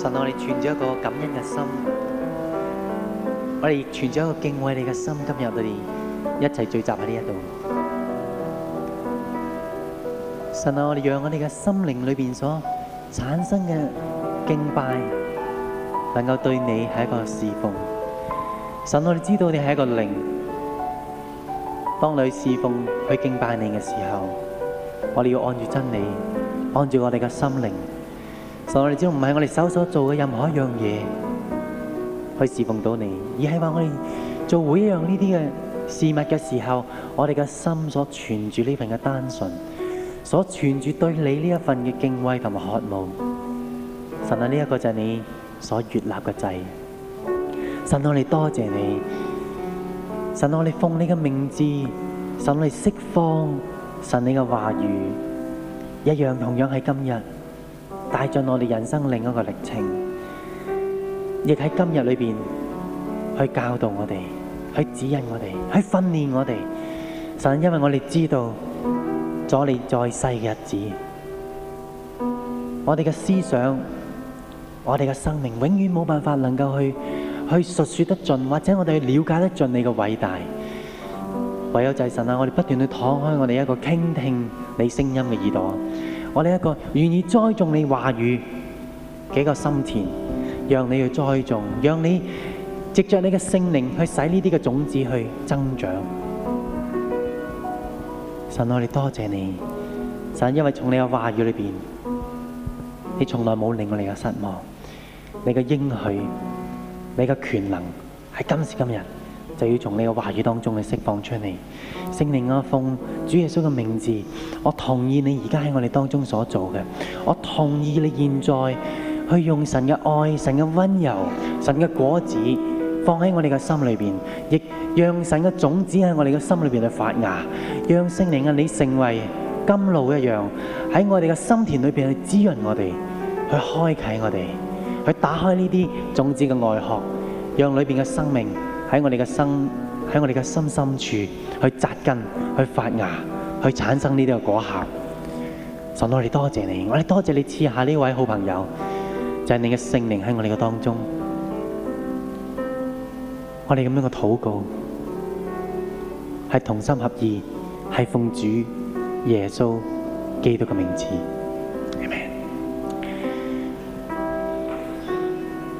神，我哋存咗一個感恩嘅心，我哋存咗一個敬畏你嘅心。今日我哋一齊聚集喺呢一度。神，我哋讓我哋嘅心靈裏邊所產生嘅敬拜，能夠對你係一個侍奉。神，我哋知道你係一個靈，當你侍奉去敬拜你嘅時候，我哋要按住真理，按住我哋嘅心靈。神我哋只要唔係我哋手所做嘅任何一樣嘢，去侍奉到你，而係話我哋做每樣呢啲嘅事物嘅時候，我哋嘅心所存住呢份嘅單純，所存住對你呢一份嘅敬畏同埋渴望。神啊，呢一個就係你所悦納嘅祭。神啊，我哋多謝你，神啊，我哋奉你嘅名字，神啊我哋釋放神你嘅話語，一樣同樣係今日。帶進我哋人生另一個歷程，亦喺今日裏邊去教導我哋，去指引我哋，去訓練我哋。神，因為我哋知道咗你在世嘅日子，我哋嘅思想，我哋嘅生命，永遠冇辦法能夠去去述說得盡，或者我哋去了解得盡你嘅偉大。唯有祭神啊，我哋不斷去敞開我哋一個傾聽你聲音嘅耳朵。我哋一個願意栽種你話語幾個心田，讓你去栽種，讓你藉着你嘅聖靈去使呢啲嘅種子去增長。神，我哋多謝你，神，因為從你嘅話語裏邊，你從來冇令我哋嘅失望，你嘅應許、你嘅權能係今時今日就要從你嘅話語當中去釋放出嚟。聖靈啊，奉主耶穌嘅名字，我同意你而家喺我哋當中所做嘅，我同意你現在去用神嘅愛、神嘅溫柔、神嘅果子放喺我哋嘅心裏邊，亦讓神嘅種子喺我哋嘅心裏邊去發芽，讓聖靈啊你成為甘露一樣喺我哋嘅心田裏邊去滋潤我哋，去開啟我哋，去打開呢啲種子嘅外殼，讓裏邊嘅生命。喺我哋嘅心，喺我哋嘅心深處去扎根、去發芽、去產生呢啲嘅果效。神，我哋多謝你，我哋多謝你賜下呢位好朋友，就係你嘅聖靈喺我哋嘅當中。我哋咁樣嘅禱告，係同心合意，係奉主耶穌基督嘅名字。阿門。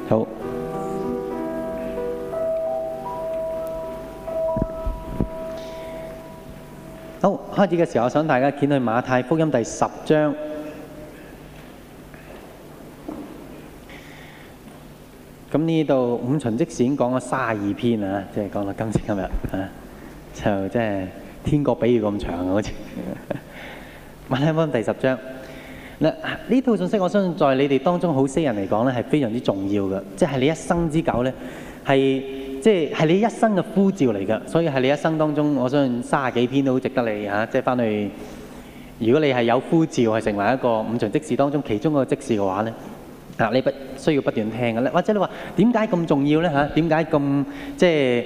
好。開始嘅時候，我想大家見去馬太福音第十章。咁呢度五旬節選講咗三十二篇啊，即係講到今時今日啊，就即係天國比喻咁長嘅好似。馬太福音第十章嗱，呢套信息我相信在你哋當中好些人嚟講咧，係非常之重要嘅，即係你一生之久咧，係。即係你一生嘅呼召嚟㗎，所以係你一生當中，我相信三十幾篇都好值得你嚇，即係翻去。如果你係有呼召，係成為一個五重職事當中其中一個職事嘅話呢，啊，你不需要不斷聽嘅咧。或者你話點解咁重要呢？嚇、啊？點解咁即係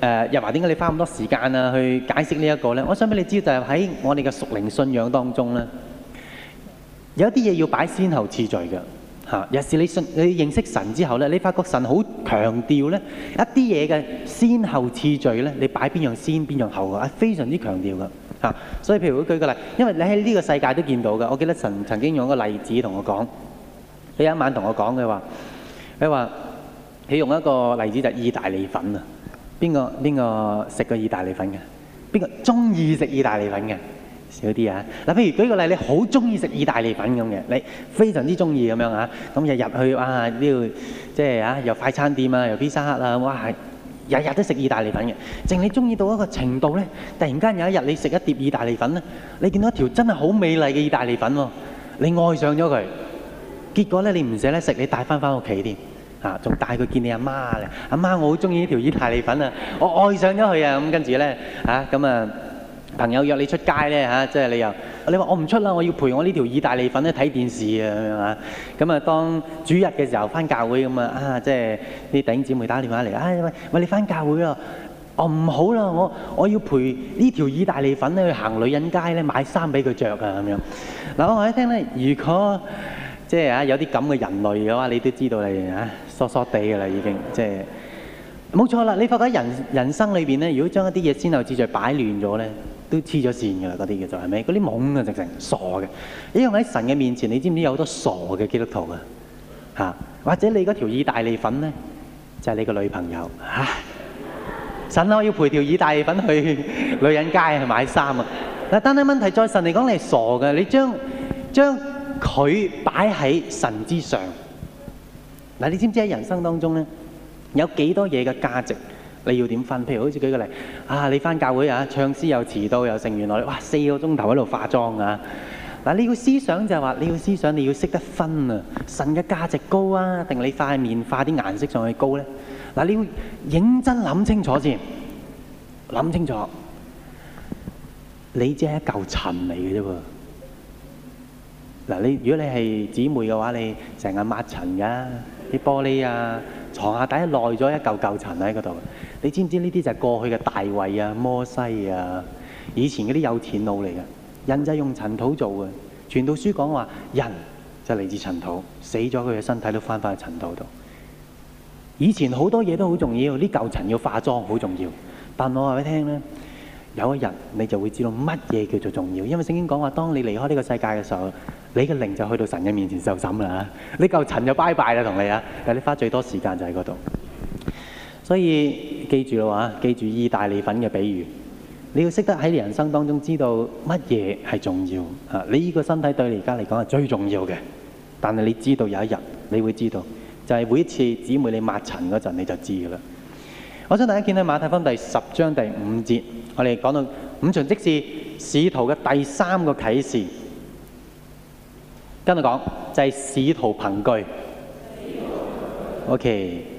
誒？又話點解你花咁多時間啊去解釋呢一個呢？我想俾你知道就係喺我哋嘅屬靈信仰當中呢，有一啲嘢要擺先後次序嘅。嚇、啊！有時你信你認識神之後咧，你發覺神好強調咧，一啲嘢嘅先後次序咧，你擺邊樣先邊樣後啊，非常之強調噶嚇、啊！所以譬如舉個例，因為你喺呢個世界都見到嘅，我記得神曾經用一個例子同我講，佢有一晚同我講佢話，佢話佢用一個例子就係意大利粉啊，邊個邊個食過意大利粉嘅？邊個中意食意大利粉嘅？少啲啊！嗱，譬如舉個例，你好中意食意大利粉咁嘅，你非常之中意咁樣啊，咁日日去啊呢度即係啊，又快餐店啊，又 Pizza Hut 啊，哇，日日都食意大利粉嘅。淨你中意到一個程度咧，突然間有一日你食一碟意大利粉咧，你見到一條真係好美麗嘅意大利粉喎，你愛上咗佢。結果咧，你唔捨得食，你帶翻返屋企添啊，仲帶佢見你阿媽咧。阿媽，我好中意呢條意大利粉啊，我愛上咗佢啊，咁跟住咧啊咁啊。朋友約你出街咧嚇，即係你又你話我唔出啦，我要陪我呢條意大利粉咧睇電視啊咁樣啊，咁啊當主日嘅時候返教會咁啊啊，即係弟兄姊妹打電話嚟，哎喂喂，你返教會啊？哦唔好啦，我我要陪呢條意大利粉去行女人街咧，買衫俾佢着啊咁樣。嗱，我一聽咧，如果即係啊有啲咁嘅人類嘅話，你都知道你啊傻傻哋嘅啦，已經即係冇錯啦。你發覺喺人人生裏邊咧，如果將一啲嘢先後次序擺亂咗咧～都黐咗線噶啦，嗰啲嘅就係咪？嗰啲懵啊，直情傻嘅。因為喺神嘅面前，你知唔知有好多傻嘅基督徒啊？嚇，或者你嗰條意大利粉咧，就係、是、你個女朋友嚇、啊。神啊，我要陪一條意大利粉去女人街去買衫啊！但係問題在神嚟講，你係傻嘅。你將將佢擺喺神之上。嗱，你知唔知喺人生當中咧，有幾多嘢嘅價值？你要點分？譬如好似舉個例，啊！你翻教會啊，唱詩又遲到又剩，原來哇四個鐘頭喺度化妝啊！嗱，你個思想就係話，你個思想，你要識得分啊！神嘅價值高啊，定你塊面化啲顏色上去高呢？嗱，你要認真諗清楚先，諗清楚，你只係一嚿塵嚟嘅啫噃。嗱，你如果你係姊妹嘅話，你成日抹塵㗎，啲玻璃啊，牀下底耐咗一嚿嚿塵喺嗰度。你知唔知呢啲就係過去嘅大衛啊、摩西啊，以前嗰啲有錢佬嚟嘅。人就係用塵土做嘅，傳道書講話人就嚟自塵土，死咗佢嘅身體都翻返去塵土度。以前好多嘢都好重要，呢嚿塵要化妝好重要。但我話俾你聽呢，有一日你就會知道乜嘢叫做重要，因為聖經講話，當你離開呢個世界嘅時候，你嘅靈就去到神嘅面前受審啦。呢嚿塵就拜拜啦，同你啊，但你花最多時間就喺嗰度。所以。記住啦，話，記住意大利粉嘅比喻，你要識得喺你人生當中知道乜嘢係重要嚇。你依個身體對你而家嚟講係最重要嘅，但係你知道有一日，你會知道就係、是、每一次姊妹你抹塵嗰陣你就知噶啦。我想大家見到馬太福音第十章第五節，我哋講到五常即是使徒嘅第三個啟示，跟住講就係、是、使徒憑據。OK。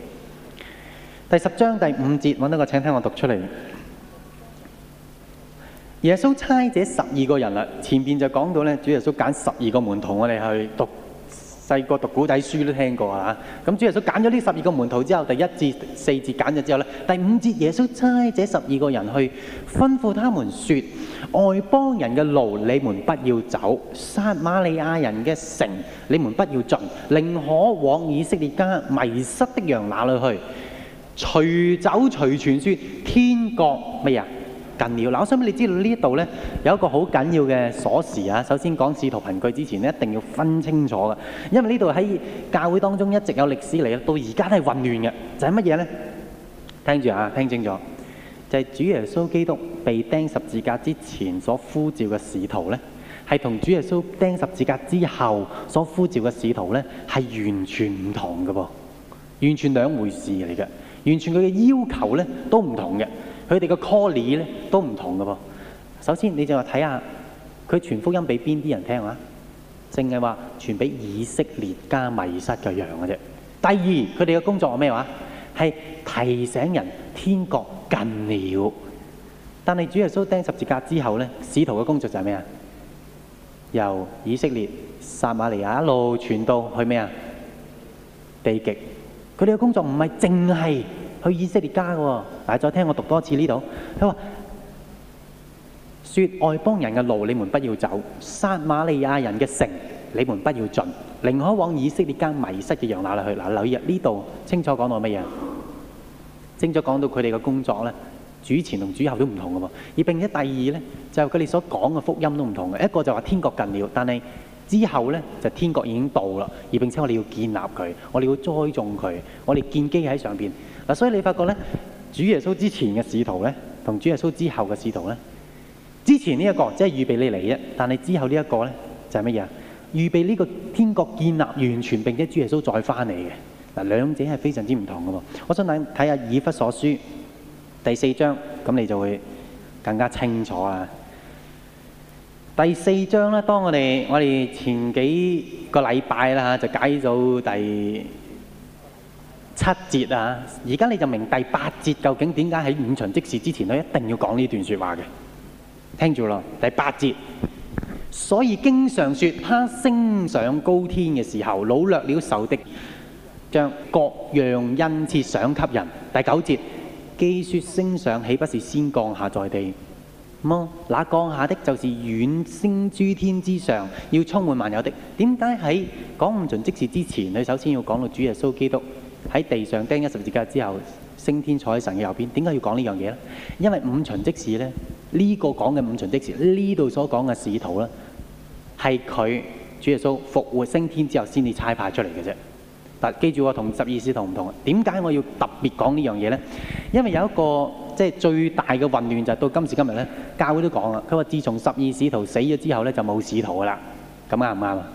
第十章第五節搵到個，請聽我讀出嚟。耶穌差這十二個人啦。前面就講到咧，主耶穌揀十二個門徒，我哋去讀細個讀古仔書都聽過啊。咁主耶穌揀咗呢十二個門徒之後，第一節四節揀咗之後咧，第五節耶穌差這十二個人去吩咐他們說：外邦人嘅路你們不要走，撒馬利亞人嘅城你們不要進，寧可往以色列家迷失的羊那裏去。隨走隨傳説天國咩嘢近了？嗱，我想問你知道呢度咧有一個好緊要嘅鎖匙啊！首先講使徒憑據之前咧，一定要分清楚嘅，因為呢度喺教會當中一直有歷史嚟啦，到而家都係混亂嘅。就係乜嘢咧？聽住啊，聽清楚，就係主耶穌基督被釘十字架之前所呼召嘅使徒咧，係同主耶穌釘十字架之後所呼召嘅使徒咧，係完全唔同嘅噃，完全兩回事嚟嘅。完全佢嘅要求咧都唔同嘅，佢哋嘅 calling 咧都唔同嘅噃。首先，你就話睇下佢傳福音俾邊啲人聽啊？淨係話傳俾以色列家迷失嘅羊嘅啫。第二，佢哋嘅工作係咩話？係提醒人天國近了。但係主耶穌釘十字架之後咧，使徒嘅工作就係咩啊？由以色列撒瑪利亞一路傳到去咩啊？地極。佢哋嘅工作唔係淨係去以色列家嘅喎，大家再聽我讀多一次呢度，佢話：説外邦人嘅路你們不要走，撒瑪利亞人嘅城你們不要進，寧可往以色列家迷失嘅羊那裏去。嗱，留意下呢度清楚講到乜嘢？清楚講到佢哋嘅工作咧，主前同主後都唔同嘅喎。而並且第二咧，就係佢哋所講嘅福音都唔同嘅，一個就話天國近了，但係。之後呢，就天國已經到啦，而並且我哋要建立佢，我哋要栽種佢，我哋建基喺上邊嗱。所以你發覺呢，主耶穌之前嘅使徒呢，同主耶穌之後嘅使徒呢，之前呢一個即係預備你嚟啫，但係之後呢一個呢，就係乜嘢啊？預備呢個天國建立完全並且主耶穌再翻嚟嘅嗱，兩者係非常之唔同嘅喎。我想睇下以弗所書第四章，咁你就會更加清楚啊。第四章咧，當我哋我哋前幾個禮拜啦就解到第七節啊，而家你就明第八節究竟點解喺五旬節事之前咧一定要講呢段說話嘅。聽住咯，第八節。所以經上說他升上高天嘅時候，擄掠了仇敵將各樣恩賜賞給人。第九節，既說升上，豈不是先降下在地？麼、嗯，那降下的就是遠升諸天之上，要充滿萬有的。點解喺講五旬即時之前，你首先要講到主耶穌基督喺地上釘一十字架之後，升天坐喺神嘅右邊？點解要講呢樣嘢呢？因為五旬即時呢，呢個講嘅五旬即時，呢度所講嘅使徒呢，係佢主耶穌復活升天之後先至差派出嚟嘅啫。但記住我同十二使徒唔同。點解我要特別講呢樣嘢呢？因為有一個即係最大嘅混亂，就是、到今時今日咧，教會都講啦。佢話：自從十二使徒死咗之後呢，就冇使徒噶啦。咁啱唔啱啊？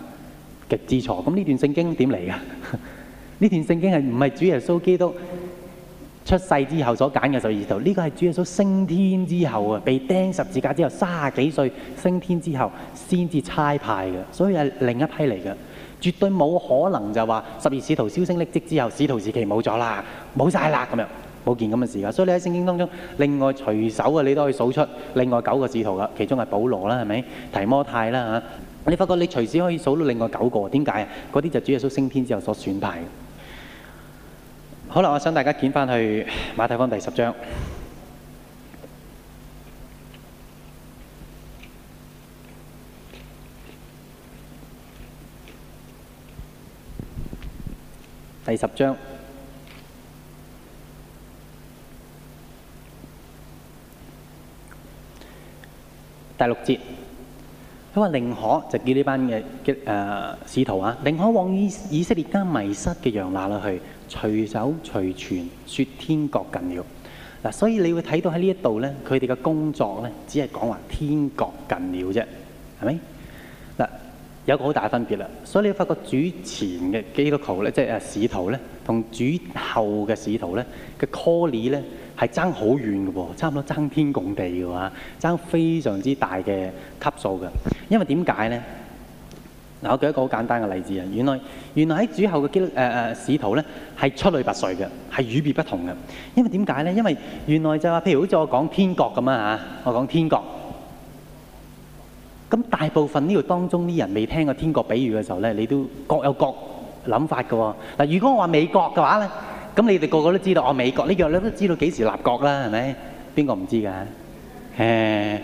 極之錯。咁呢段聖經點嚟噶？呢 段聖經係唔係主耶穌基督出世之後所揀嘅十二使徒？呢、這個係主耶穌升天之後啊，被釘十字架之後三十幾歲升天之後先至差派嘅，所以係另一批嚟嘅。絕對冇可能就話十二使徒消聲匿跡之後，使徒時期冇咗啦，冇晒啦咁樣，冇件咁嘅事㗎。所以你喺聖經當中，另外隨手啊，你都可以數出另外九個使徒啦，其中係保羅啦，係咪提摩太啦嚇？你發覺你隨時可以數到另外九個，點解啊？嗰啲就主耶穌升天之後所選派。好啦，我想大家見翻去馬太福音第十章。第十章第六節，佢話，寧可就叫呢班嘅嘅誒使徒啊，寧可往以以色列家迷失嘅羊那裡去，隨手隨傳說天國近了。嗱，所以你會睇到喺呢一度咧，佢哋嘅工作咧，只係講話天國近了啫，係咪？有個好大分別啦，所以你發覺主前嘅基督徒咧，即係誒使徒咧，同主後嘅使徒咧嘅 call 咧，係爭好遠嘅喎，差唔多爭天共地嘅喎嚇，爭非常之大嘅級數嘅。因為點解咧？嗱，我舉一個好簡單嘅例子啊。原來原來喺主後嘅基誒誒使徒咧，係出類拔萃嘅，係與別不同嘅。因為點解咧？因為原來就話譬如好似我講天國咁啊嚇，我講天國。咁大部分呢度當中啲人未聽過天國比喻嘅時候咧，你都各有各諗法㗎喎。嗱，如果我話美國嘅話咧，咁你哋個個都知道哦。美國呢樣你都知道幾時立國啦，係咪？邊個唔知㗎？誒，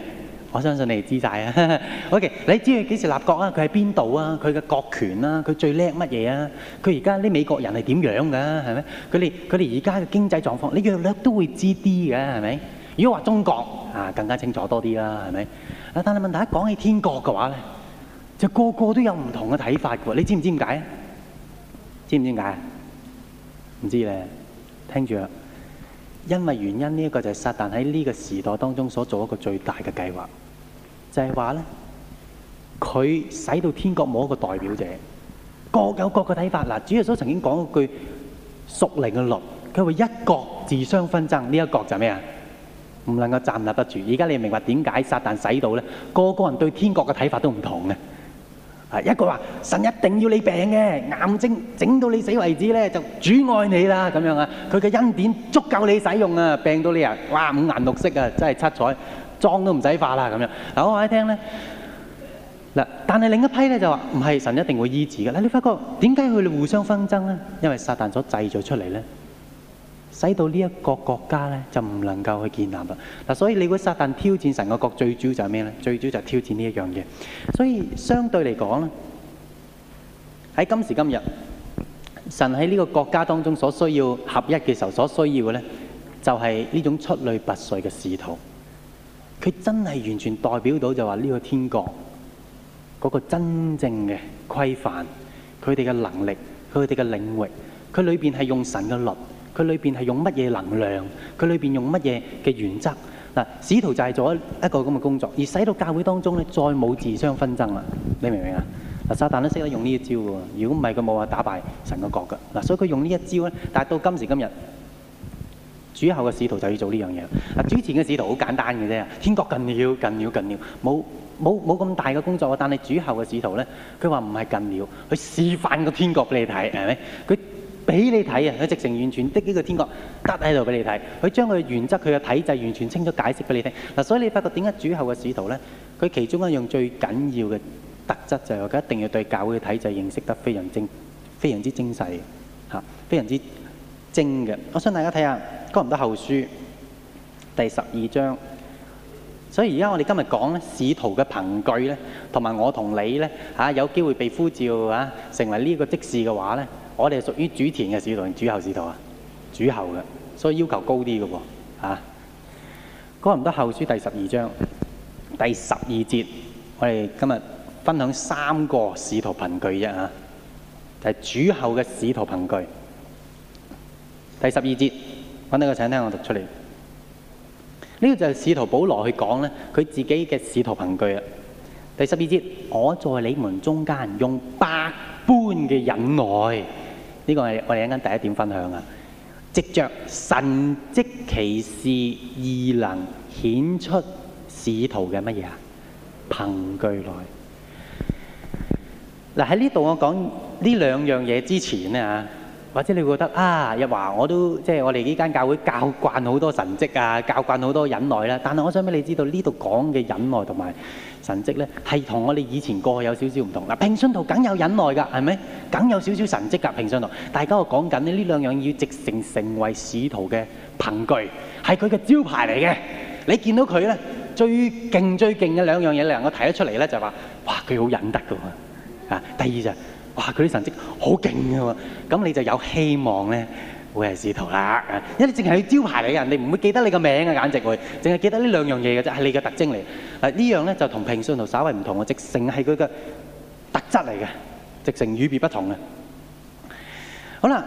我相信你哋知晒啊。OK，你知佢幾時立國啊？佢喺邊度啊？佢嘅國權啊，佢最叻乜嘢啊？佢而家啲美國人係點樣㗎？係咪？佢哋佢哋而家嘅經濟狀況，你約略都會知啲嘅，係咪？如果話中國啊，更加清楚多啲啦，係咪？但係問題，一講起天國嘅話咧，就個個都有唔同嘅睇法嘅。你知唔知點解？知唔知點解？唔知咧。聽住啊，因為原因呢一個就係撒旦喺呢個時代當中所做的一個最大嘅計劃，就係話咧，佢使到天國冇一個代表者，各有各嘅睇法。嗱，主耶穌曾經講一句：屬靈嘅律，佢會一國自相紛爭，呢一國就咩啊？唔能夠站立得住。而家你明白點解撒但使到咧？個個人對天國嘅睇法都唔同嘅。係一個話神一定要你病嘅眼睛整到你死為止咧，就主愛你啦咁樣啊。佢嘅恩典足夠你使用啊，病到你啊，哇五顏六色啊，真係七彩，妝都唔使化啦咁樣。嗱，我話你聽咧，嗱但係另一批咧就話唔係神一定會醫治嘅。嗱你發覺點解佢哋互相紛爭咧？因為撒但所製造出嚟咧。使到呢一個國家咧，就唔能夠去建立啦。嗱，所以你個撒旦挑戰神個國最主要就係咩咧？最主要就挑戰呢一樣嘢。所以相對嚟講咧，喺今時今日，神喺呢個國家當中所需要合一嘅時候，所需要嘅咧就係呢種出類拔萃嘅仕途。佢真係完全代表到就話呢個天國嗰個真正嘅規範，佢哋嘅能力，佢哋嘅領域，佢裏邊係用神嘅律。佢裏邊係用乜嘢能量？佢裏邊用乜嘢嘅原則？嗱，使徒就係做一一個咁嘅工作，而使到教會當中咧，再冇自相紛爭啦。你明唔明啊？嗱，撒旦都識得用呢一招喎。如果唔係，佢冇話打敗神個國㗎。嗱，所以佢用呢一招咧。但係到今時今日，主後嘅使徒就要做呢樣嘢啦。嗱，主前嘅使徒好簡單嘅啫，天國近了，近了，近了，冇冇冇咁大嘅工作啊。但係主後嘅使徒咧，佢話唔係近了，佢示範個天國俾你睇，係咪？佢。俾你睇啊！佢直情完全的呢、這個天國得喺度俾你睇。佢將佢嘅原則、佢嘅體制完全清楚解釋俾你聽嗱、啊，所以你發覺點解主後嘅使徒呢？佢其中一樣最緊要嘅特質就係、是、佢一定要對教會嘅體制認識得非常精、非常之精細、啊、非常之精嘅。我想大家睇下《哥林多後書》第十二章，所以而家我哋今日講呢使徒嘅憑據呢，同埋我同你呢，啊、有機會被呼召啊，成為呢個即事嘅話呢。我哋係屬於主前嘅使徒定主後使徒啊？主後嘅，所以要求高啲嘅喎，嚇、啊。哥林多後書第十二章第十二節，我哋今日分享三個使徒憑據啫吓，就係、是、主後嘅使徒憑據。第十二節，揾呢個請聽我讀出嚟。呢、這個就係使徒保羅去講咧，佢自己嘅使徒憑據啊。第十二節，我在你們中間用百般嘅忍耐。呢個係我哋一陣間第一點分享啊！藉着神蹟奇事，異能顯出使徒嘅乜嘢啊？憑據來。嗱，喺呢度，這我講呢兩樣嘢之前呢。嚇。或者你會覺得啊，日華我都即係我哋呢間教會教慣好多神蹟啊，教慣好多忍耐啦。但係我想俾你知道，呢度講嘅忍耐同埋神蹟咧，係同我哋以前過去有少少唔同。嗱，平信徒梗有忍耐㗎，係咪？梗有少少神蹟㗎，平信徒。大家我講緊咧，呢兩樣要直成成為使徒嘅憑據，係佢嘅招牌嚟嘅。你見到佢咧，最勁最勁嘅兩樣嘢，你能夠睇得出嚟咧，就話：哇，佢好忍得㗎嘛！啊，第二就。哇！佢啲神跡好勁㗎喎，咁你就有希望咧，會係使徒啦。因為淨係佢招牌嚟，人哋唔會記得你個名嘅，簡直會，淨係記得呢兩樣嘢嘅啫，係你嘅特徵嚟。誒呢樣咧就同平信徒稍為唔同嘅，直情係佢嘅特質嚟嘅，直情與別不同嘅。好啦，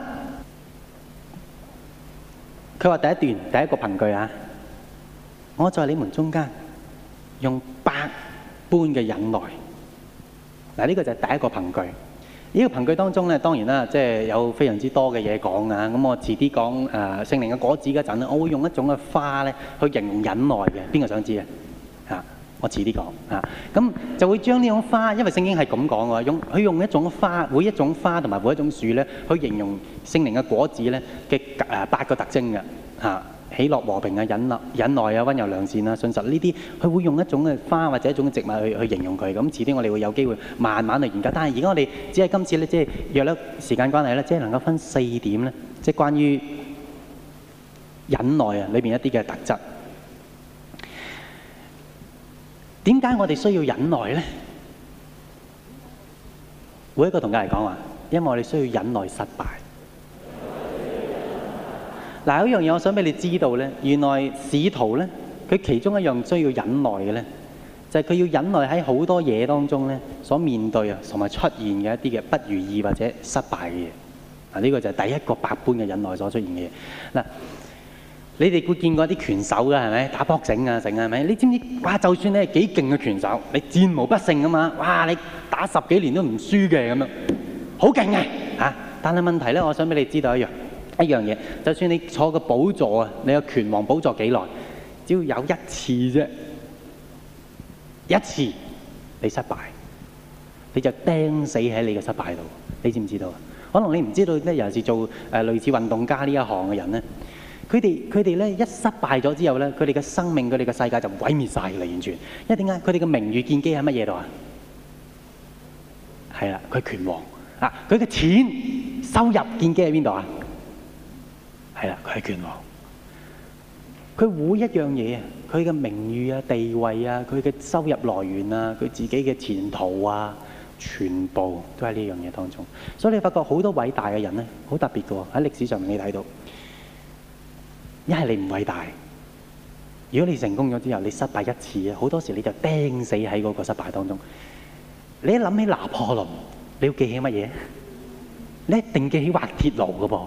佢話第一段第一個憑據啊，我在你們中間用百般嘅忍耐。嗱，呢個就係第一個憑據。呢、這個憑據當中呢，當然啦，即係有非常之多嘅嘢講啊！咁我遲啲講誒聖靈嘅果子嗰陣，我會用一種嘅花呢去形容忍耐嘅，邊個想知道呢、啊、我遲啲講嚇。咁、啊、就會將呢種花，因為聖經係咁講講用佢用一種花，每一種花同埋每一種樹呢去形容聖靈嘅果子呢嘅、呃、八個特徵嘅、啊喜樂和平啊，忍耐忍耐啊，溫柔良善啊，信實呢啲，佢會用一種嘅花或者一種嘅植物去去形容佢。咁遲啲我哋會有機會慢慢嚟研究。但係而家我哋只係今次咧，即係約咗時間關係咧，即係能夠分四點咧，即係關於忍耐啊裏邊一啲嘅特質。點解我哋需要忍耐咧？每一個同家嚟講話，因為我哋需要忍耐失敗。嗱，有一樣嘢我想俾你知道咧，原來使徒咧，佢其中一樣需要忍耐嘅咧，就係、是、佢要忍耐喺好多嘢當中咧，所面對啊同埋出現嘅一啲嘅不如意或者失敗嘅嘢。嗱，呢個就係第一個百般嘅忍耐所出現嘅嘢。嗱，你哋會見過啲拳手㗎係咪？打搏繩啊，成啊係咪？你知唔知道？哇，就算你係幾勁嘅拳手，你戰無不勝啊嘛！哇，你打十幾年都唔輸嘅咁樣，好勁嘅嚇。但係問題咧，我想俾你知道一樣。一樣嘢，就算你坐個寶座啊，你有拳王寶座幾耐？只要有一次啫，一次你失敗，你就釘死喺你嘅失敗度。你知唔知道啊？可能你唔知道咧，尤其是做誒類似運動家呢一行嘅人咧，佢哋佢哋咧一失敗咗之後咧，佢哋嘅生命，佢哋嘅世界就毀滅晒啦，完全。因為點解？佢哋嘅名譽建基喺乜嘢度啊？係啦，佢拳王啊，佢嘅錢收入建基喺邊度啊？係啦，佢係拳王。佢每一樣嘢，佢嘅名譽啊、地位啊、佢嘅收入來源啊、佢自己嘅前途啊，全部都喺呢樣嘢當中。所以你發覺好多偉大嘅人咧，好特別噶喎，喺歷史上面，你睇到。一係你唔偉大，如果你成功咗之後，你失敗一次啊，好多時候你就釘死喺嗰個失敗當中。你一諗起拿破崙，你要記起乜嘢？你一定記起滑鐵盧噶噃。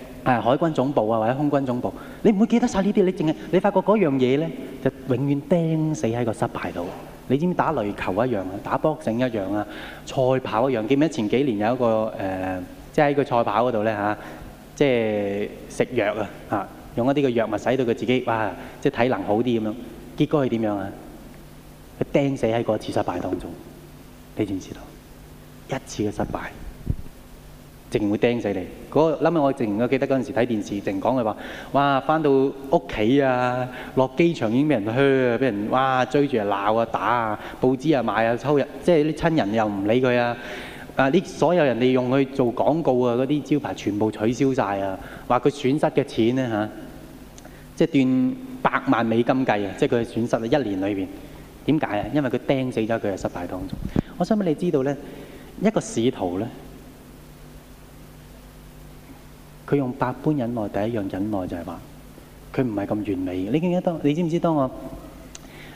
啊、海軍總部啊，或者空軍總部，你唔會記得晒呢啲，你發覺你發覺嗰樣嘢就永遠釘死喺個失敗度。你知唔知打雷球一樣打 boxing 一樣啊，賽跑一樣。記唔記得前幾年有一個誒，即係喺個賽跑嗰度咧即係食藥、啊、用一啲個藥物使到佢自己哇，即、即係、體能好啲咁樣。結果係點樣啊？佢釘死喺嗰次失敗當中，你知唔知道？一次嘅失敗，淨會釘死你。嗰、那、嗰、個、我淨我記得嗰陣時睇電視，淨講佢話，哇！返到屋企啊，落機場已經俾人㗱啊，俾人哇追住嚟鬧啊、打啊、報紙啊賣啊、抽人，即係啲親人又唔理佢啊！啊，啲所有人利用去做廣告啊，嗰啲招牌全部取消晒啊！話佢損失嘅錢呢，嚇，即係斷百萬美金計啊！即係佢嘅損失啊一年裏邊。點解啊？因為佢釘死咗佢喺失敗當中。我想問你知道咧，一個使徒咧？佢用百般忍耐，第一樣忍耐就係話，佢唔係咁完美。你記得當，你知唔知當我，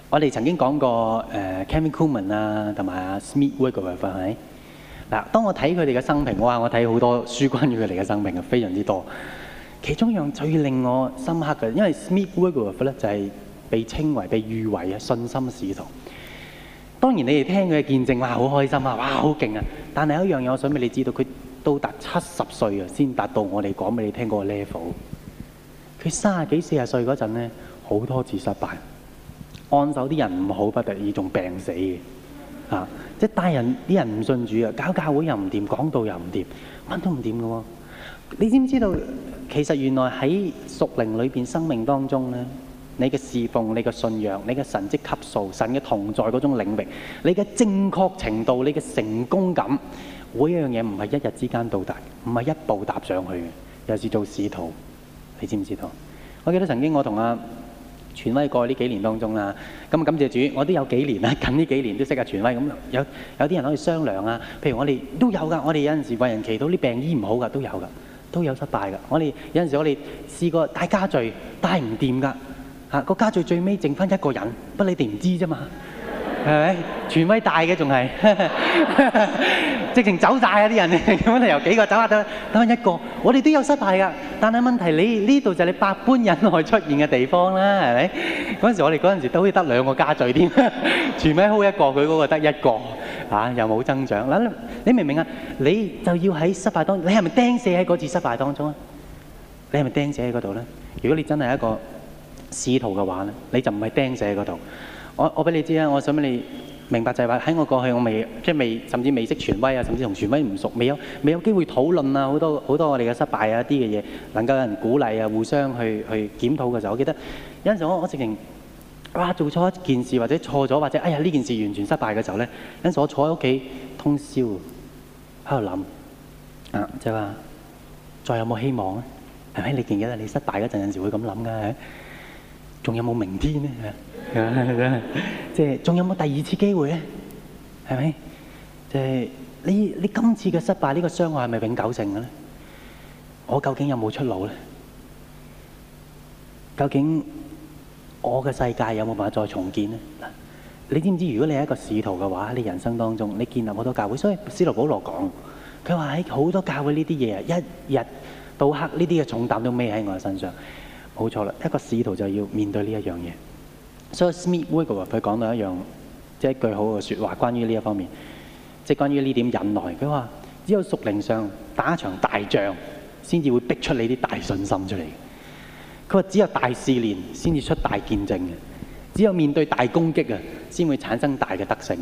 我哋曾經講過誒 Kathryn Kuhlman 啊，同埋 Smith Wigglesworth 係咪？嗱，當我睇佢哋嘅生平，我話，我睇好多書關於佢哋嘅生平，非常之多。其中一樣最令我深刻嘅，因為 Smith Wigglesworth 咧就係被稱為、被譽為信心使徒。當然你哋聽佢嘅見證，哇！好開心啊，哇！好勁啊！但係有一樣嘢我想俾你知道，佢。到達七十歲啊，先達到我哋講俾你聽嗰個 level。佢三十幾四十歲嗰陣呢，好多次失敗，按手啲人唔好不得已仲病死嘅、啊、即係大人，啲人唔信主啊，搞教會又唔掂，講道又唔掂，乜都唔掂㗎喎。你知唔知道？其實原來喺屬靈裏面、生命當中呢，你嘅侍奉、你嘅信仰、你嘅神蹟級數、神嘅同在嗰種領域、你嘅正確程度、你嘅成功感。每一樣嘢唔係一日之間到達，唔係一步踏上去嘅，有時做仕途，你知唔知道？我記得曾經我同阿、啊、傳威過呢幾年當中啦，咁感謝主，我都有幾年啦，近呢幾年都識阿傳威，咁有有啲人可以商量啊，譬如我哋都有噶，我哋有陣時為人祈禱啲病醫唔好噶，都有噶，都有失敗噶，我哋有陣時我哋試過帶家聚帶唔掂噶，吓個家聚最尾剩返一個人，你不你哋唔知咋嘛？係咪？權威大嘅仲係， 直情走晒啊啲人，咁啊由幾個走下走，得翻一個。我哋都有失敗㗎，但係問題你呢度就係你百般忍耐出現嘅地方啦，係咪？嗰陣時我哋嗰陣時都好似得兩個家罪添，全威好一個，佢嗰個得一個，啊又冇增長。嗱你明唔明啊？你就要喺失敗當中，你係咪釘死喺嗰次失敗當中啊？你係咪釘死喺嗰度咧？如果你真係一個使徒嘅話咧，你就唔係釘死喺嗰度。我我俾你知啊！我想俾你明白就係話喺我過去我未即未甚至未識傳威啊，甚至同傳威唔熟，未有未有機會討論啊，好多好多我哋嘅失敗啊啲嘅嘢，能夠有人鼓勵啊，互相去去檢討嘅時候，我記得有陣時我我直情哇做錯一件事或者錯咗，或者哎呀呢件事完全失敗嘅時候咧，有陣時我坐喺屋企通宵喺度諗啊，即係話再有冇希望啊？係咪？你記唔記得你失敗嗰陣陣時會咁諗㗎？仲有冇明天呢？即係仲有冇第二次機會咧？係咪？即係，你你今次嘅失敗，呢個傷害係咪永久性嘅咧？我究竟有冇出路咧？究竟我嘅世界有冇辦法再重建呢？嗱，你知唔知？如果你係一個使徒嘅話，你人生當中你建立好多教會，所以斯諾保羅講，佢話喺好多教會呢啲嘢啊，一日到黑呢啲嘅重擔都孭喺我身上。冇錯啦，一個使徒就要面對呢一樣嘢。所、so, 以 Smith Wigglesworth 佢講到一樣即係一句好嘅説話，關於呢一方面，即係關於呢點忍耐。佢話只有屬靈上打一場大仗，先至會逼出你啲大信心出嚟。佢話只有大試練先至出大見證嘅，只有面對大攻擊啊，先會產生大嘅得勝。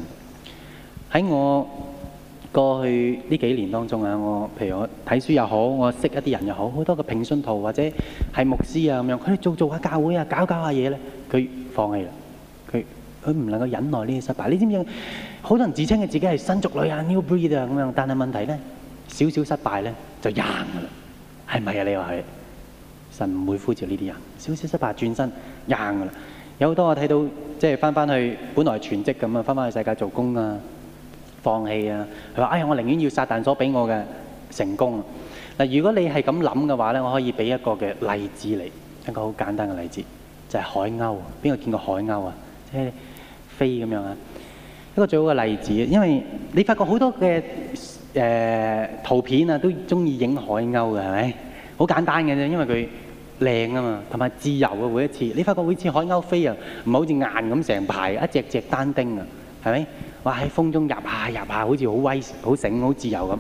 喺我過去呢幾年當中啊，我譬如我睇書又好，我識一啲人又好，好多個平信徒或者係牧師啊咁樣，佢哋做做下教會啊，搞搞下嘢咧，佢放棄啦，佢佢唔能夠忍耐呢啲失敗。你知唔知？好多人自稱佢自己係新族類啊，new breed 啊咁樣，但係問題咧，少少失敗咧就扔㗎啦。係咪啊？你話係？神唔會呼召呢啲人，少少失敗轉身扔㗎啦。有好多我睇到即係翻返去，本來全職咁啊，翻返去世界做工啊。放棄啊！佢話哎呀，我寧願要撒但所俾我嘅成功啊！嗱，如果你係咁諗嘅話咧，我可以俾一個嘅例子嚟，一個好簡單嘅例子就係海鷗。邊個見過海鷗啊？即係飛咁樣啊！一個最好嘅例子，因為你發覺好多嘅誒圖片啊，都中意影海鷗嘅係咪？好簡單嘅啫，因為佢靚啊嘛，同埋自由啊！每一次你發覺每一次海鷗飛啊，唔係好似雁咁成排，一隻隻單丁啊，係咪？哇！喺風中入下入下，好似好威、好醒、好自由咁。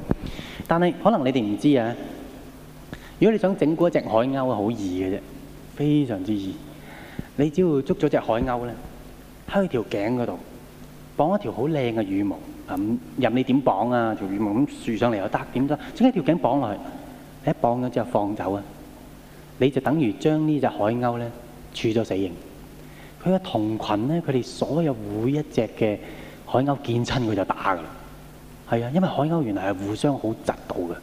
但係可能你哋唔知啊。如果你想整蠱一隻海鷗啊，好易嘅啫，非常之易。你只要捉咗隻海鷗咧，喺佢條頸嗰度綁一條好靚嘅羽毛，咁任你點綁啊，條羽毛咁豎上嚟又得，點得？將一條頸綁落去，你一綁咗之後放走啊，你就等於將呢隻海鷗咧處咗死刑。佢嘅同群咧，佢哋所有每一隻嘅。海鷗見親佢就打噶啦，係啊，因為海鷗原來係互相好窒到嘅。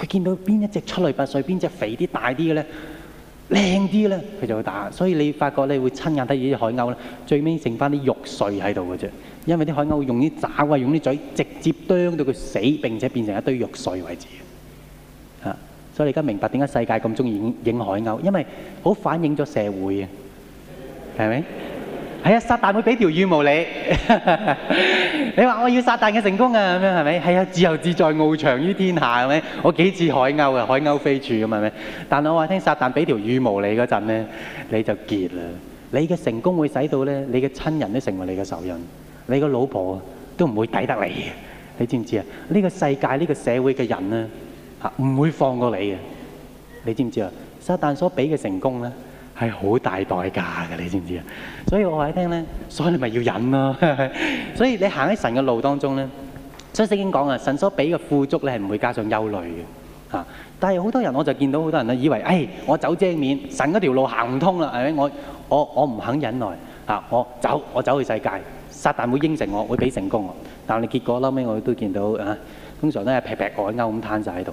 佢見到邊一隻出類拔萃、邊隻肥啲、大啲嘅咧，靚啲嘅咧，佢就會打。所以你發覺你會親眼睇住啲海鷗咧，最尾剩翻啲肉碎喺度嘅啫。因為啲海鷗會用啲爪啊，用啲嘴直接啄到佢死，並且變成一堆肉碎為止啊。所以你而家明白點解世界咁中意影影海鷗，因為好反映咗社會啊，係咪？係啊，撒但會俾條羽毛你。你話我要撒但嘅成功啊，咁樣係咪？係啊，自由自在翱翔於天下係咪？我幾似海鷗啊，海鷗飛處咁係咪？但係我話聽撒但俾條羽毛你嗰陣咧，你就結啦。你嘅成功會使到咧，你嘅親人都成為你嘅仇人，你嘅老婆都唔會抵得你。你知唔知啊？呢個世界，呢個社會嘅人咧嚇，唔會放過你嘅。你知唔知啊？撒但所俾嘅成功咧，係好大代價嘅，你知唔知啊？所以我話你聽咧，所以你咪要忍咯、啊。 所以你行喺神嘅路當中咧，所以聖經講啊，神所俾嘅富足咧係唔會加上憂慮嘅嚇、啊。但係好多人我就見到好多人咧，以為誒、哎、我走正面，神嗰條路行唔通啦，係咪我我我唔肯忍耐嚇、啊？我走我走去世界，撒旦會應承我，會俾成功我。但係結果後屘我都見到嚇、啊，通常咧劈劈個歐咁攤晒喺度。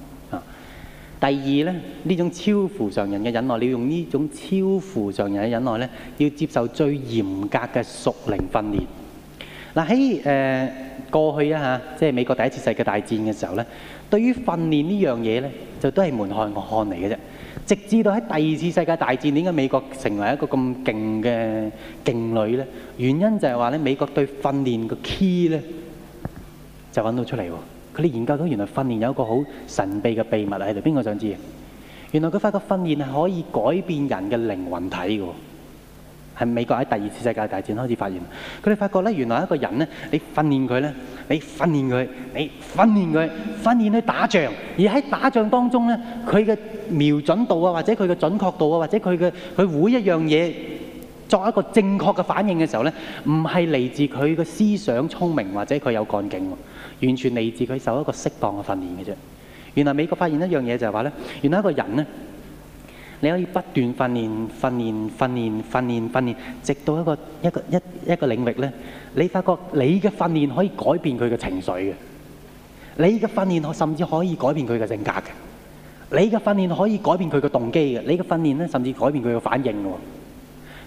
第二咧，呢種超乎常人嘅忍耐，你要用呢種超乎常人嘅忍耐咧，要接受最嚴格嘅屬靈訓練。嗱，喺誒過去啊嚇，即係美國第一次世界大戰嘅時候咧，對於訓練呢樣嘢咧，就都係門外漢咁看嚟嘅啫。直至到喺第二次世界大戰，點解美國成為一個咁勁嘅勁旅咧？原因就係話咧，美國對訓練個 key 咧，就揾到出嚟喎。佢哋研究到原來訓練有一個好神秘嘅秘密喺度，邊個想知？原來佢發覺訓練係可以改變人嘅靈魂體嘅，係美國喺第二次世界大戰開始發現。佢哋發覺咧，原來一個人咧，你訓練佢咧，你訓練佢，你訓練佢，訓練佢打仗，而喺打仗當中咧，佢嘅瞄準度啊，或者佢嘅準確度啊，或者佢嘅佢每一樣嘢作一個正確嘅反應嘅時候咧，唔係嚟自佢嘅思想聰明或者佢有幹勁。完全嚟自佢受一個適當嘅訓練嘅啫。原來美國發現一樣嘢就係話呢，原來一個人呢，你可以不斷訓練、訓練、訓練、訓練、訓練，直到一個一個一一個領域呢，你發覺你嘅訓練可以改變佢嘅情緒嘅，你嘅訓練甚至可以改變佢嘅性格嘅，你嘅訓練可以改變佢嘅動機嘅，你嘅訓練咧甚至改變佢嘅反應嘅喎。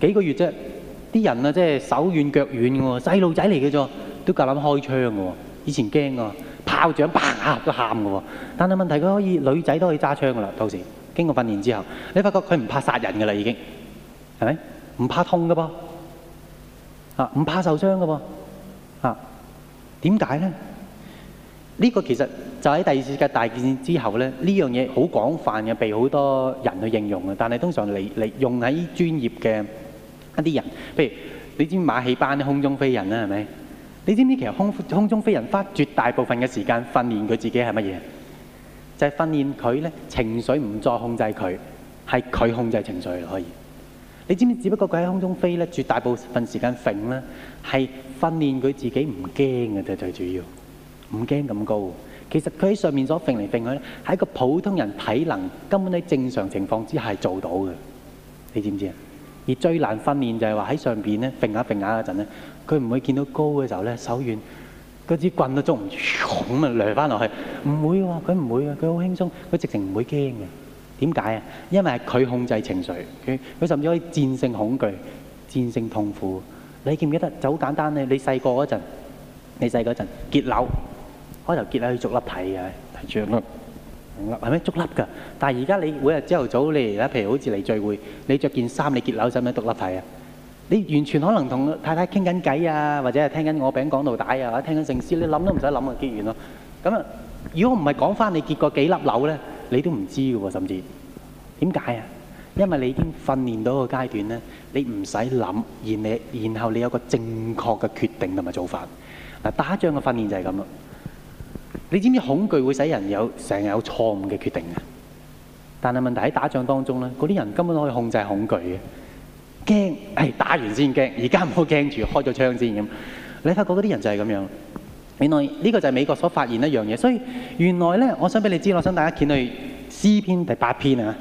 幾個月啫，啲人啊，即係手軟腳軟嘅喎，細路仔嚟嘅啫，都夠膽開槍嘅喎。以前驚嘅，炮仗 bang 都喊嘅喎。但係問題佢可以，女仔都可以揸槍嘅啦。到時經過訓練之後，你發覺佢唔怕殺人嘅啦，已經係咪？唔怕痛嘅噃，啊唔怕受傷嘅噃，啊點解咧？呢個其實就喺第二次世界大戰之後咧，呢樣嘢好廣泛嘅被好多人去應用嘅，但係通常嚟嚟用喺專業嘅。啲人，譬如你知唔知馬戲班嘅空中飛人咧係咪？你知唔知其實空空中飛人花絕大部分嘅時間訓練佢自己係乜嘢？就係訓練佢咧情緒唔再控制佢，係佢控制情緒可以。你知唔知？只不過佢喺空中飛咧，絕大部分時間揈啦，係訓練佢自己唔驚嘅啫，就係、最主要唔驚咁高。其實佢喺上面所揈嚟揈去咧，係一個普通人體能根本喺正常情況之下做到嘅。你知唔知啊？而最難訓練就係話喺上邊咧，揈下揈下嗰陣咧，佢唔會見到高嘅時候咧，手軟，嗰支棍都捉唔住，咁啊，掠翻落去，唔會喎，佢唔會嘅，佢好輕鬆，佢直情唔會驚嘅。點解啊？因為係佢控制情緒，佢佢甚至可以戰勝恐懼，戰勝痛苦。你記唔記得就好簡單咧？你細個嗰陣，你細嗰陣結樓，開頭結樓要捉粒皮嘅，睇住粒。粒係咩？逐粒噶。但係而家你每日朝頭早，你而家譬如好似嚟聚會，你著件衫，你結紐使唔使逐粒睇啊？你完全可能同太太傾緊偈啊，或者係聽緊我餅講到帶啊，或者聽緊聖詩，你諗都唔使諗啊，結完咯。咁啊，如果唔係講翻你結過幾粒紐咧，你都唔知嘅喎，甚至點解啊？因為你已經訓練到個階段咧，你唔使諗，然後然後你有個正確嘅決定同埋做法。嗱，打仗嘅訓練就係咁啦。你知唔知恐懼會使人有成日有錯誤嘅決定嘅？但係問題喺打仗當中咧，嗰啲人根本都可以控制恐懼嘅，驚係打完先驚，而家唔好驚住開咗槍先咁。你發覺嗰啲人就係咁樣。原來呢個就係美國所發現一樣嘢，所以原來咧，我想俾你知，我想大家見去詩篇第八篇啊，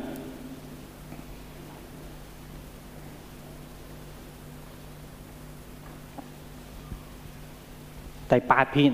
第八篇。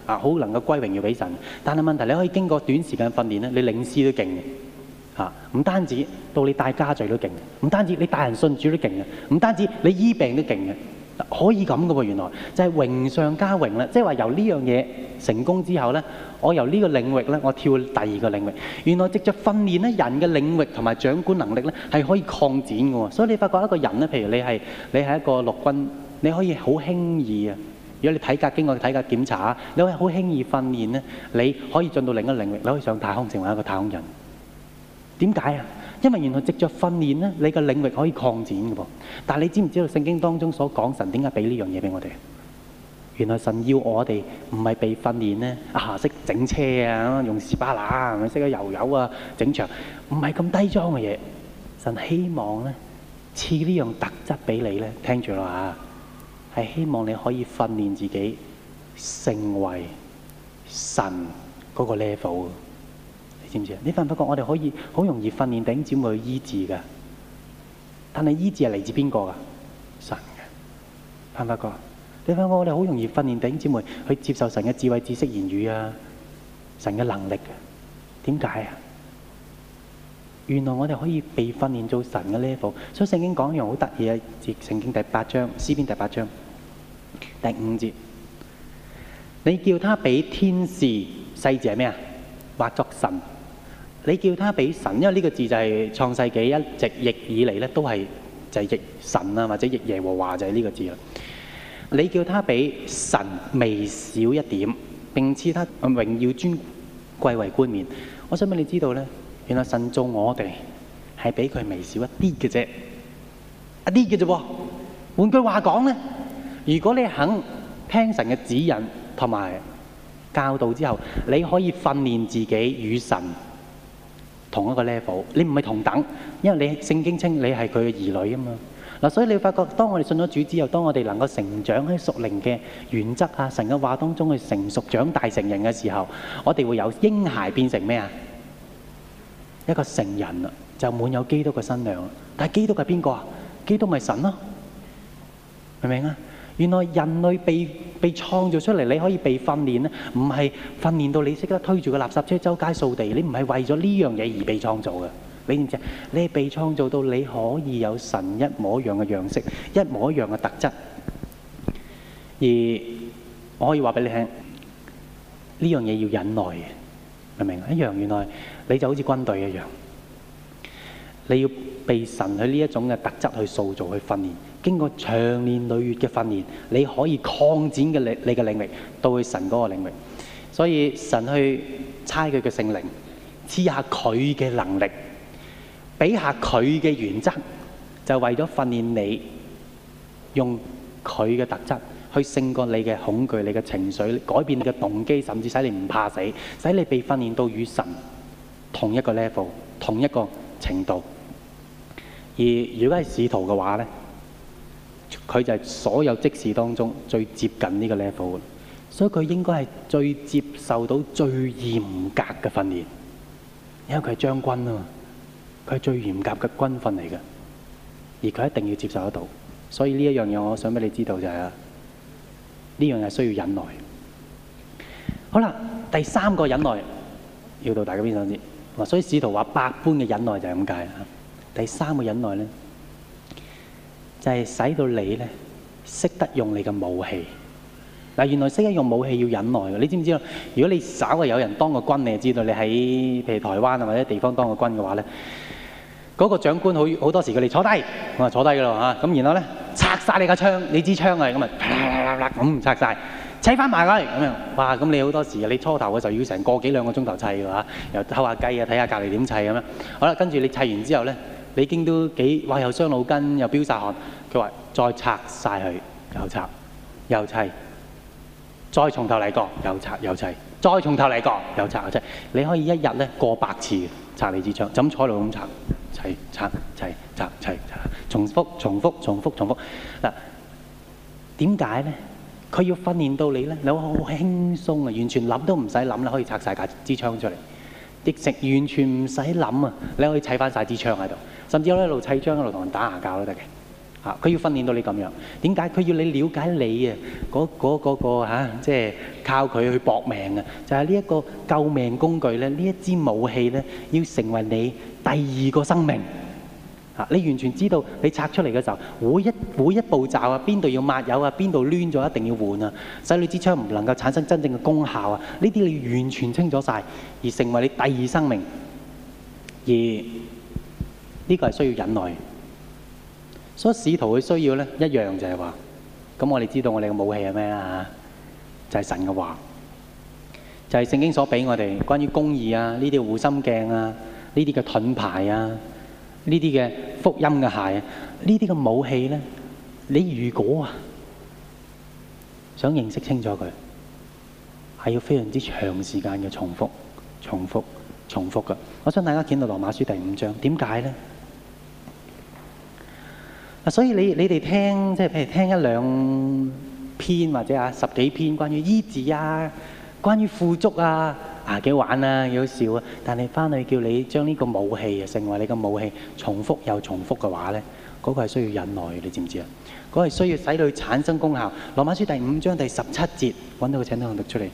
啊，好能夠歸榮要俾神，但係問題是你可以經過短時間訓練咧，你領詩都勁嘅，嚇、啊、唔單止到你帶家聚都勁，唔單止你帶人信主都勁嘅，唔單止你醫病都勁嘅、啊，可以咁嘅喎原來就係、是、榮上加榮啦，即係話由呢樣嘢成功之後咧，我由呢個領域咧，我跳第二個領域，原來藉著訓練咧，人嘅領域同埋掌管能力咧，係可以擴展嘅喎，所以你發覺一個人咧，譬如你係你係一個陸軍，你可以好輕易啊。如果你體格，經過體格檢查，你可以好輕易訓練咧，你可以進到另一個領域，你可以上太空成為一個太空人。點解啊？因為原來藉着訓練咧，你嘅領域可以擴展嘅噃。但係你知唔知道聖經當中所講神點解俾呢樣嘢俾我哋？原來神要我哋唔係被訓練咧，啊識整車啊，用士巴拿識咗油油啊整場，唔係咁低裝嘅嘢。神希望呢，賜呢樣特質俾你咧，聽住啦啊！係希望你可以訓練自己成為神嗰個 level，你知唔知啊？你發唔發覺我哋可以好容易訓練頂姊妹去醫治嘅？但係醫治係嚟自邊個啊？神嘅。發唔發覺？你發唔發覺？我哋好容易訓練頂姊妹去接受神嘅智慧、知識、言語啊！神嘅能力，點解啊？原來我哋可以被訓練做神嘅 level。所以聖經講一樣好得意啊！聖經第八章，詩篇第八章。第五節，你叫他比天使細字係咩啊？畫作神，你叫他比神，因為呢個字就係創世紀一直譯以嚟咧都係就係譯神啊或者譯耶和華就係呢個字啦。你叫他比神微小一點，並賜他榮耀尊貴為冠冕。我想俾你知道咧，原來神造我哋係比佢微小一啲嘅啫，一啲嘅啫噃。換句話講咧。如果你肯聽神嘅指引同埋教導之後，你可以訓練自己與神同一個 level。你唔係同等，因為你聖經稱你係佢嘅兒女吖嘛。所以你會發覺當我哋信咗主之後，當我哋能夠成長喺屬靈嘅原則啊、神嘅話當中去成熟長大成人嘅時候，我哋會由嬰孩變成咩呀？一個成人就滿有基督嘅新娘。但係基督係邊個？基督係，基督係神囉，明唔明？原來人類被被創造出嚟，你可以被訓練咧，唔係訓練到你識得推住個垃圾車周街掃地，你唔係為咗呢樣嘢而被創造嘅，你知唔知啊？你係被創造到你可以有神一模一樣嘅樣式，一模一樣嘅特質。而我可以話俾你聽，呢樣嘢要忍耐嘅，明唔明啊？一樣，原來你就好似軍隊一樣，你要被神喺呢一種嘅特質去塑造、去訓練。經過長年累月嘅訓練，你可以擴展嘅你你嘅領域到去神嗰個領域。所以神去差佢嘅聖靈，賜下佢嘅能力，俾下佢嘅原則，就為咗訓練你用佢嘅特質去勝過你嘅恐懼、你嘅情緒、改變你嘅動機，甚至使你唔怕死，使你被訓練到與神同一個 level、同一個程度。而如果係使徒嘅話呢？佢就係所有職事當中最接近呢個 level 嘅，所以佢應該係最接受到最嚴格嘅訓練，因為佢係將軍啊嘛，佢係最嚴格嘅軍訓嚟嘅，而佢一定要接受得到，所以呢一樣嘢我想俾你知道就係啊，呢樣嘢需要忍耐。好啦，第三個忍耐要到大家邊度先？嗱，所以使徒話百般嘅忍耐就係咁解啦。第三個忍耐咧。就係、是、使到你咧，識得用你嘅武器。嗱，原來識得用武器要忍耐嘅，你知唔知啊？如果你稍為有人當過軍，你就知道你喺譬如台灣啊或者地方當過軍嘅話咧，嗰、那個長官好好多時佢哋坐低，我話坐低嘅咯嚇，咁然後咧拆晒你嘅槍，你支槍啊，咁啊咁拆晒，砌翻埋落嚟咁樣。哇，咁你好多時你初頭嘅時候要成個幾兩個鐘頭砌嘅嚇，又偷下雞啊，睇下隔離點砌咁樣。好啦，跟住你砌完之後咧。你已經都幾哇？又傷腦筋，又飆晒汗。佢話：再拆晒佢，又拆，又砌，再從頭嚟過，又拆又砌，再從頭嚟過，又拆又砌。你可以一日咧過百次拆你支槍，咁坐喺度咁拆砌拆拆拆拆，拆，拆，拆，拆，重複重複重複重複。嗱，點解咧？佢要訓練到你咧？你好輕鬆啊，完全諗都唔使諗啦，可以拆晒架支槍出嚟。食食完全唔使諗啊！你可以砌翻晒支槍喺度，甚至我一路砌槍，一路同人打牙交都得嘅嚇。佢要訓練到你咁樣，點解佢要你了解你啊？嗰嗰個嚇，即係靠佢去搏命啊！就係呢一個救命工具咧，呢一支武器咧，要成為你第二個生命。你完全知道你拆出嚟嘅時候，每一每一步驟啊，邊度要抹油啊，邊度攣咗一定要換啊，使你支槍唔能夠產生真正嘅功效啊！呢啲你完全清楚晒，而成為你第二生命。而呢個係需要忍耐，所以使徒嘅需要咧，一樣就係話，咁我哋知道我哋嘅武器係咩啊？就係神嘅話，就係聖經所俾我哋關於公義啊，呢啲護心鏡啊，呢啲嘅盾牌啊。呢啲嘅福音嘅鞋啊，呢啲嘅武器咧，你如果啊想認識清楚佢，係要非常之長時間嘅重複、重複、重複㗎。我想大家見到羅馬書第五章，點解咧？嗱，所以你你哋聽即係譬如聽一兩篇或者啊十幾篇關於醫治啊、關於富足啊。啊，幾玩啦，幾好笑啊！但係翻去叫你將呢個武器成為你個武器，重複又重複嘅話呢，嗰、那個係需要忍耐，你知唔知啊？嗰、那個係需要使佢產生功效。《羅馬書》第五章第十七節，揾到個請同學讀出嚟。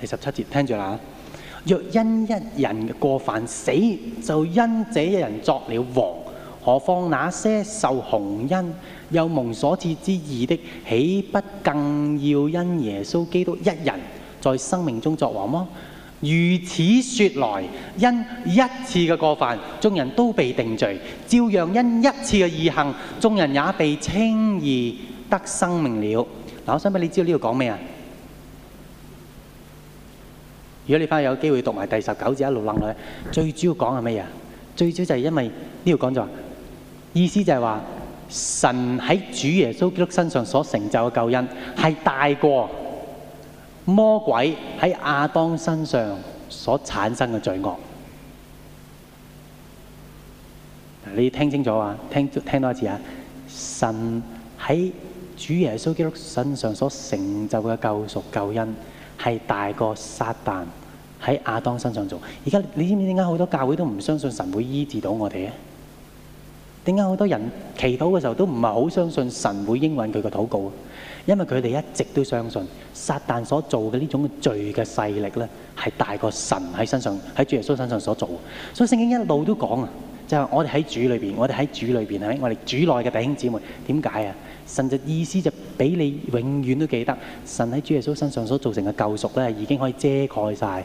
第十七節，聽住啦。若因一人過犯死，就因這一人作了王，何況那些受洪恩、又蒙所賜之義的，豈不更要因耶穌基督一人？在生命中作王麼？如此説來，因一次嘅過犯，眾人都被定罪，照樣因一次嘅義行，眾人也被稱義得生命了。嗱， 我想畀你知道呢度講咩啊？如果你翻去有機會讀埋第十九至一路落去，最主要講係咩嘢？最主要就係因為呢度講就話、是，意思就係話，神喺主耶穌基督身上所成就嘅救恩係大過。魔鬼喺亞當身上所產生嘅罪惡，你聽清楚啊！聽聽多一次啊！神喺主耶穌基督身上所成就嘅救贖救恩，係大過撒旦喺亞當身上做。而家你知唔知點解好多教會都唔相信神會醫治到我哋咧？點解好多人祈禱嘅時候都唔係好相信神會應允佢嘅禱告？因為佢哋一直都相信撒旦所做嘅呢種罪嘅勢力呢，係大過神喺身上喺主耶穌身上所做，所以聖經一路都講啊，就係、是、我哋喺主裏邊，我哋喺主裏邊係我哋主內嘅弟兄姊妹。點解啊？神就意思就俾你永遠都記得，神喺主耶穌身上所造成嘅救贖呢，已經可以遮蓋晒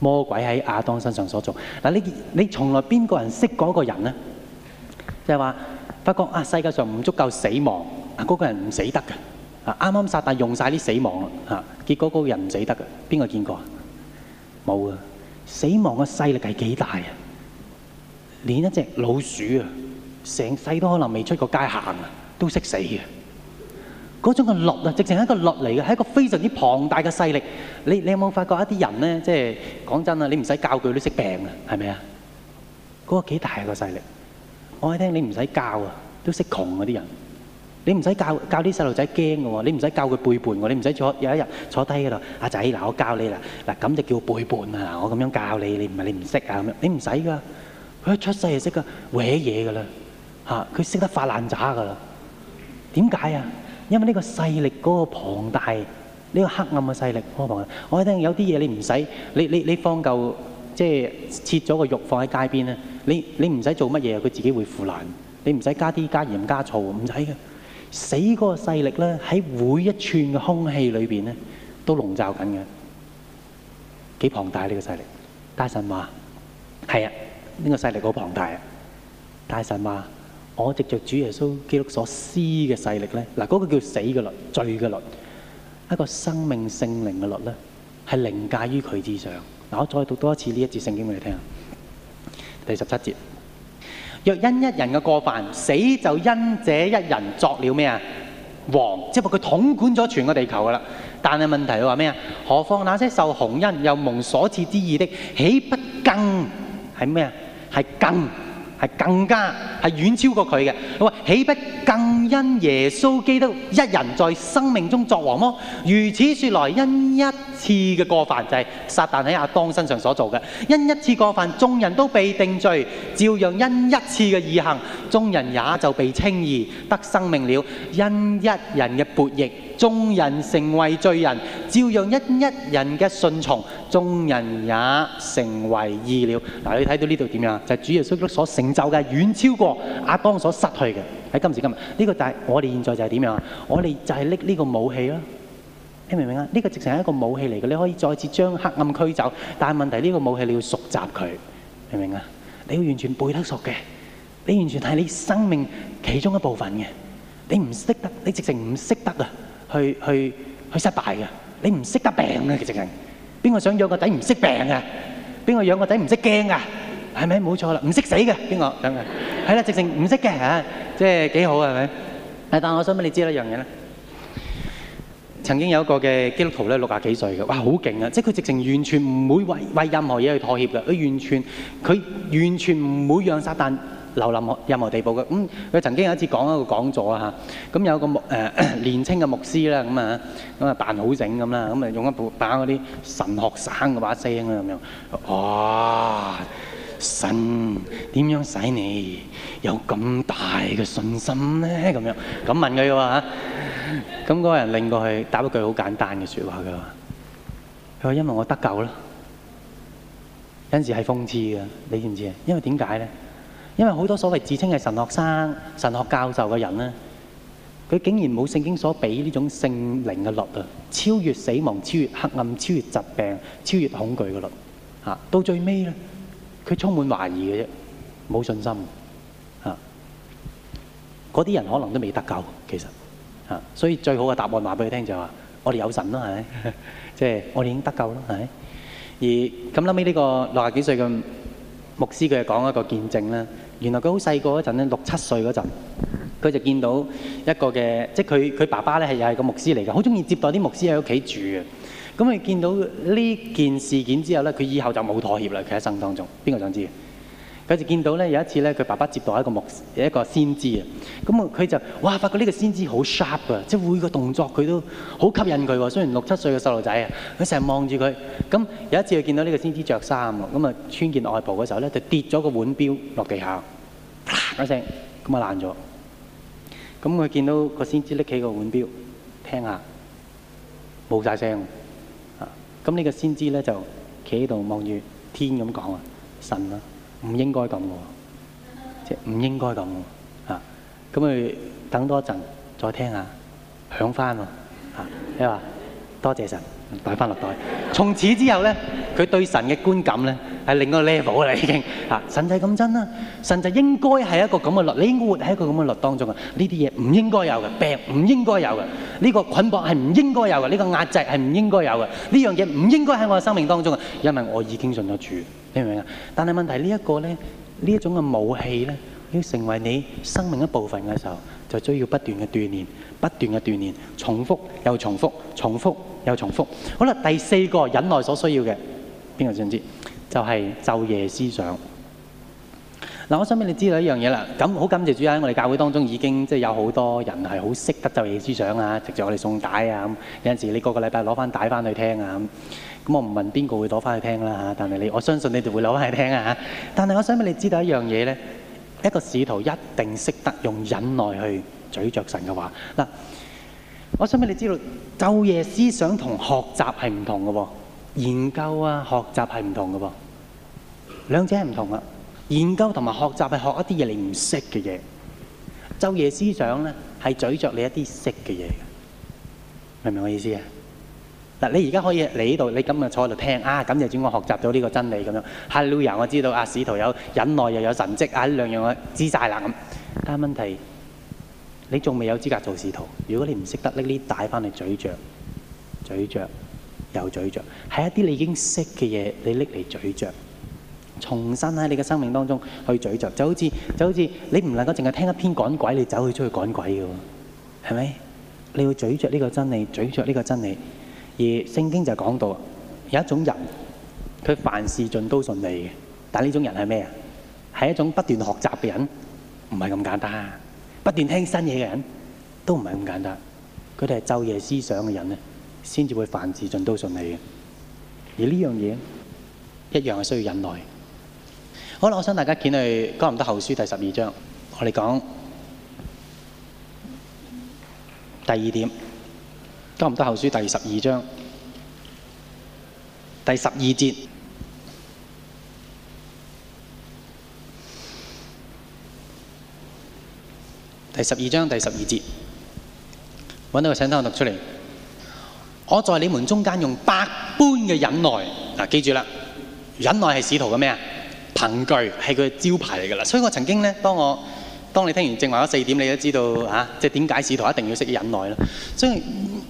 魔鬼喺亞當身上所做嗱。你你從來邊個人識嗰個人呢？就係話發覺啊，世界上唔足夠死亡，嗰、那個人唔死得嘅。啱啱撒但用晒啲死亡啦，嚇！結果嗰個人唔死得嘅，邊個見過啊？冇啊！死亡嘅勢力係幾大啊？連一隻老鼠啊，成世都可能未出過街行啊，都識死嘅。嗰種嘅落啊，直情係一個落嚟嘅，係一個非常之龐大嘅勢力。你你有冇發覺一啲人咧？即係講真、那個、啊，你唔使教佢都識病啊，係咪啊？嗰個幾大嘅勢力，我聽你唔使教啊，都識窮嗰啲人。你唔使教教啲細路仔驚嘅喎，你唔使教佢背叛我，你唔使坐有一日坐低嗰度。阿仔，嗱我教你啦，嗱咁就叫背叛啊！我咁樣教你，你唔係你唔識啊咁樣，你唔使噶。佢一出世就識噶，搲嘢噶啦嚇，佢識得發爛渣噶啦。點解啊？因為呢個勢力嗰個龐大，呢個黑暗嘅勢力龐大。我聽有啲嘢你唔使，你你你放嚿即係切咗個肉放喺街邊咧，你你唔使做乜嘢，佢自己會腐爛。你唔使加啲加鹽加醋，唔使嘅。死嗰個勢力咧，喺每一寸嘅空氣裏邊咧，都籠罩緊嘅，幾、這個、龐大呢個勢力？大神話係啊，呢、這個勢力好龐大啊！大神話，我藉着主耶穌基督所施嘅勢力咧，嗱、那、嗰個叫死嘅律、罪嘅律，一、那個生命聖靈嘅律咧，係凌駕於佢之上。嗱，我再讀多一次呢一節聖經俾你聽啊。第若因一人嘅過犯，死就因這一人作了咩啊？王，即係話佢統管咗全個地球噶啦。但係問題，佢話咩啊？何況那些受洪恩又蒙所賜之義的，豈不更係咩啊？係更。係更加係遠超過佢嘅，起豈不更因耶穌基督一人在生命中作王麼？如此說來，因一次嘅過犯就係、是、撒旦喺亞當身上所做嘅，因一次過犯眾人都被定罪，照樣因一次嘅義行，眾人也就被稱義得生命了，因一人嘅悖逆。眾人成為罪人，照樣一一人嘅信從，眾人也成為義了。嗱，你睇到呢度點樣啊？就係主耶穌所成就嘅，遠超過亞當所失去嘅。喺今時今日，呢個但係我哋現在就係點樣啊？我哋就係拎呢個武器咯。你明唔明啊？呢個直情係一個武器嚟嘅，你可以再次將黑暗驅走。但係問題呢個武器你要熟習佢，你明唔明啊？你要完全背得熟嘅，你完全係你生命其中一部分嘅。你唔識得，你直情唔識得啊！去去去失敗嘅，你唔識得病啊！直情，邊個想養個仔唔識病啊？邊個養個仔唔識驚啊？係咪？冇錯啦，唔識死嘅邊個？係啦，直情唔識嘅，即係幾好啊，係咪？但係我想俾你知一樣嘢咧。曾經有一個嘅基督徒咧，六廿幾歲嘅，哇，好勁啊！即係佢直情完全唔會為為任何嘢去妥協嘅，佢完全佢完全唔會讓撒但。流臨任何地步嘅，咁佢曾經有一次講一個講座啊嚇，咁有個牧誒年青嘅牧師啦，咁啊咁啊扮好整咁啦，咁啊用一部打嗰啲神學生嘅把聲啊咁樣，哇！神點樣使你有咁大嘅信心咧？咁樣咁問佢嘅話，咁嗰個人擰過去打一句好簡單嘅説話嘅，佢話因為我得救啦。有陣時係諷刺嘅，你知唔知啊？因為點解咧？因為好多所謂自稱係神學生、神學教授嘅人咧，佢竟然冇聖經所俾呢種聖靈嘅律啊！超越死亡、超越黑暗、超越疾病、超越恐懼嘅律啊！到最尾咧，佢充滿懷疑嘅啫，冇信心啊！嗰啲人可能都未得救，其實啊，所以最好嘅答案話俾佢聽就係、是、話：我哋有神啦，係咪？即、就、係、是、我哋已經得救啦，係咪？而咁臨尾呢個六十幾歲嘅牧師佢又講一個見證啦。原來佢好細個嗰陣咧，六七歲嗰陣，佢就見到一個嘅，即係佢佢爸爸咧係又係個牧師嚟嘅，好中意接待啲牧師喺屋企住嘅。咁佢見到呢件事件之後咧，佢以後就冇妥協啦。佢一生當中，邊個想知？佢就見到咧，有一次咧，佢爸爸接待一個木一個先知啊。咁啊，佢就哇，發覺呢個先知好 sharp 㗎，即係每個動作佢都好吸引佢喎。雖然六七歲嘅細路仔啊，佢成日望住佢。咁有一次佢見到呢個先知著衫喎，咁啊穿件外袍嘅時候咧，就跌咗個腕錶落地下，嗱一聲，咁啊爛咗。咁佢見到個先知拎起個腕錶，聽下冇晒聲啊。咁呢個先知咧就企喺度望住天咁講啊，神啦。唔應該咁喎，即係唔應該咁喎，啊！咁佢等多陣再聽下，響翻喎，啊！你話多謝神，擺翻落袋。從此之後咧，佢對神嘅觀感咧係另一個 level 啦，已經啊！神仔咁真啦、啊，神仔應該係一個咁嘅律，你應該活喺一個咁嘅律當中啊！呢啲嘢唔應該有嘅，病唔應該有嘅，呢、這個捆綁係唔應該有嘅，呢、這個壓制係唔應該有嘅，呢樣嘢唔應該喺我嘅生命當中啊！因為我已經信咗主。明唔明啊？但係問題呢一個呢，呢一種嘅武器呢，要成為你生命一部分嘅時候，就需要不斷嘅鍛鍊，不斷嘅鍛鍊，重複又重複，重複又重複。重複重複好啦，第四個忍耐所需要嘅邊個先知？就係、是、晝夜思想。嗱，我想俾你知道一樣嘢啦。咁好感謝主喺我哋教會當中已經即係有好多人係好識得晝夜思想啊，直接我哋送帶啊，有陣時你個個禮拜攞翻帶翻去聽啊。我唔問邊個會攞翻去聽啦嚇，但係你我相信你哋會攞翻去聽啊嚇。但係我想俾你知道一樣嘢咧，一個使徒一定識得用忍耐去咀嚼神嘅話。嗱，我想俾你知道，晝夜思想同學習係唔同嘅喎，研究啊、學習係唔同嘅喎，兩者係唔同啊。研究同埋學習係學一啲嘢你唔識嘅嘢，晝夜思想咧係咀嚼你一啲識嘅嘢，明唔明我意思啊？嗱，你而家可以嚟呢度，你今日坐喺度聽啊，咁就轉講學習到呢個真理咁樣。Hello，我知道啊，使徒有忍耐又有神蹟啊，兩樣我知曬啦咁。但係問題，你仲未有資格做使徒，如果你唔識得搦啲帶翻嚟咀嚼、咀嚼又咀嚼，係一啲你已經識嘅嘢，你拎嚟咀嚼，重新喺你嘅生命當中去咀嚼，就好似就好似你唔能夠淨係聽一篇趕鬼，你走去出去趕鬼嘅喎，係咪？你要咀嚼呢個真理，咀嚼呢個真理。而聖經就講到，有一種人，佢凡事盡都順利嘅。但係呢種人係咩啊？係一種不斷學習嘅人，唔係咁簡單。不斷聽新嘢嘅人，都唔係咁簡單。佢哋係晝夜思想嘅人才先至會凡事盡都順利嘅。而呢樣嘢一樣係需要忍耐。好了，我想大家檢去《哥林多後書》第十二章，我哋講第二點。得唔得？後書第十二章，第十二節，第十二章第十二節，揾到，個請單，我讀出嚟。我在你們中間用百般嘅忍耐嗱、啊，記住啦，忍耐係使徒嘅咩啊？憑據，係佢招牌嚟噶啦。所以我曾經咧，當我當你聽完正話嗰四點，你都知道啊，即係點解使徒一定要識忍耐啦。所以。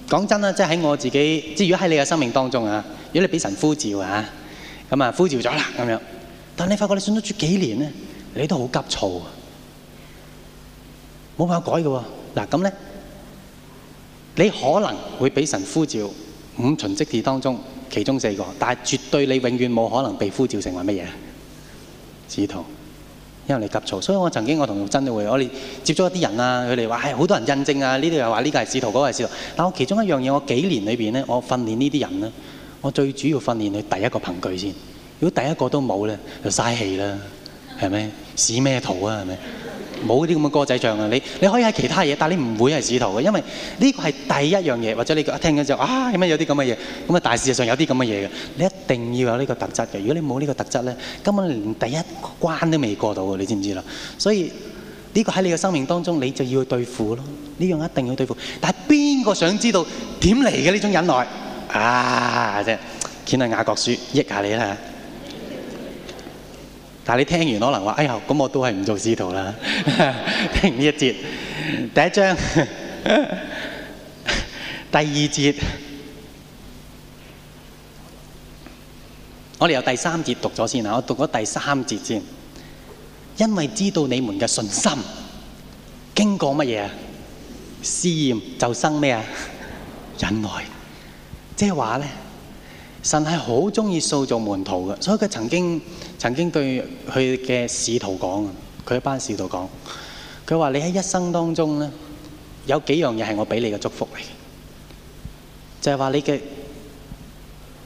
講真啦，即係喺我自己，即如果喺你嘅生命當中啊，如果你俾神呼召啊，咁啊呼召咗啦咁樣，但你發覺你信咗主幾年咧，你都好急躁，冇辦法改嘅喎。嗱、啊、咁呢，你可能會俾神呼召五旬職事當中其中四個，但係絕對你永遠冇可能被呼召成為乜嘢。使徒。因為你急躁，所以我曾經我同真都會，我哋接觸一啲人啊，佢哋話係好多人印證啊，呢度又話呢個係使徒，嗰、那個係使徒。但我其中一樣嘢，我幾年裏邊咧，我訓練這些呢啲人咧，我最主要訓練佢第一個憑據先。如果第一個都冇咧，就嘥氣啦，係咪？使咩徒啊，係咪？冇呢啲咁嘅歌仔唱啊！你可以喺其他嘢，但你唔會係使徒嘅，因為呢個係第一樣嘢，或者你一聽嗰陣啊，有咩有啲咁嘅嘢咁啊！但事實上有啲咁嘅嘢嘅，你一定要有呢個特質嘅。如果你冇呢個特質呢，根本連第一關都未過到，你知唔知道？所以呢，這個喺你嘅生命當中，你就要去對付咯。呢樣一定要對付。但係邊個想知道點嚟嘅呢種忍耐啊？啫！見《雅各書》，益一下你啦～但你聽完可能話：哎呀，咁我都係唔做使徒啦！聽完呢一節，第一章， 第二節，我哋有第三節讀咗先。我讀咗第三節先，因為知道你們嘅信心，經過乜嘢？試驗就生咩啊？忍耐，即係話咧。神係好鍾意塑造門徒嘅，所以佢曾經曾經對佢嘅使徒講啊，佢一班使徒講，佢話：你喺一生當中咧，有幾樣嘢係我俾你嘅祝福嚟嘅，就係話你嘅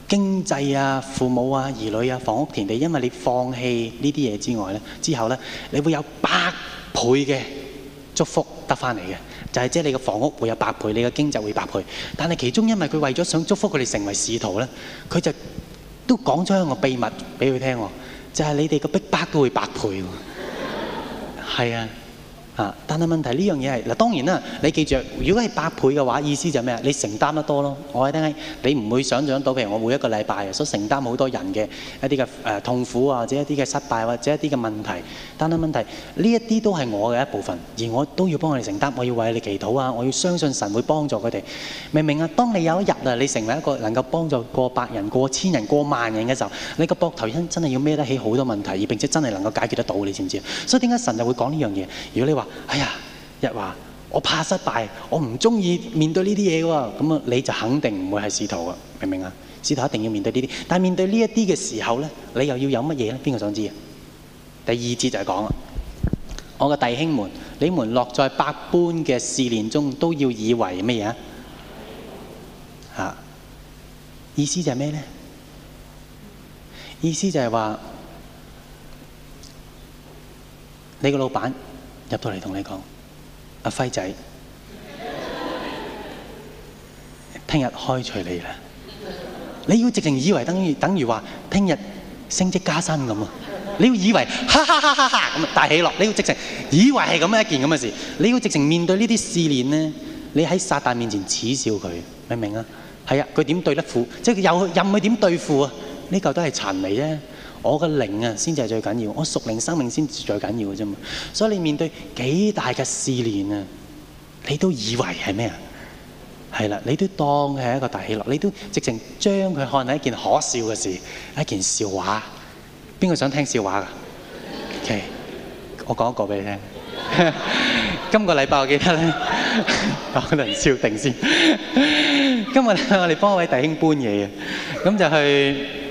經濟啊、父母啊、兒女啊、房屋田地，因為你放棄呢啲嘢之外咧，之後咧，你會有百倍嘅祝福。得返嚟嘅，就係即係你個房屋會有百倍，你個經濟會百倍。但係其中因為佢為咗想祝福佢哋成為使徒呢，佢就都講咗一個秘密俾佢聽喎，就係、是、你哋個逼迫都會百倍。係 啊。啊！但係問題呢樣嘢係嗱，當然啦，你記住，如果係百倍嘅話，意思就係咩啊？你承擔得多咯。我喺聽你唔會想像到，譬如我每一個禮拜所承擔好多人嘅一啲嘅誒痛苦啊，或者一啲嘅失敗，或者一啲嘅問題。但係問題呢一啲都係我嘅一部分，而我都要幫我哋承擔，我要為你祈禱啊，我要相信神會幫助佢哋。明唔明啊？當你有一日啊，你成為一個能夠幫助過百人、過千人、過萬人嘅時候，你個膊頭真真係要孭得起好多問題，而並且真係能夠解決得到，你知唔知啊？所以點解神就會講呢樣嘢？如果你話，哎呀，日華我怕失敗，我唔中意面對呢啲嘢喎。咁啊，你就肯定唔會係使徒啊，明唔明啊？使徒一定要面對呢啲，但係面對呢一啲嘅時候咧，你又要有乜嘢咧？邊個想知啊？第二節就係講啊，我嘅弟兄們，你們落在百般嘅試煉中，都要以為乜嘢啊？吓，意思就係咩咧？意思就係話你個老闆。入到嚟同你講，阿輝仔，聽日開除你啦！你要直情以為等於等於話聽日升職加薪咁啊！你要以為哈哈哈哈哈哈咁大喜樂，你要直情以為係咁樣一件咁嘅事，你要直情面對呢啲試煉咧，你喺撒旦面前恥笑佢，明唔明啊？係啊，佢點對得苦？即係又任佢點對付啊！呢嚿都係塵嚟啫。我嘅靈啊，先至係最緊要；我屬靈生命先至最緊要嘅啫嘛。所以你面對幾大嘅試煉啊，你都以為係咩啊？係啦，你都當係一個大喜樂，你都直情將佢看係一件可笑嘅事，一件笑話。邊個想聽笑話㗎？OK，我講一個俾你聽。今個禮拜我記得咧，可能笑定先。今日咧，我哋幫一位弟兄搬嘢啊，咁就去。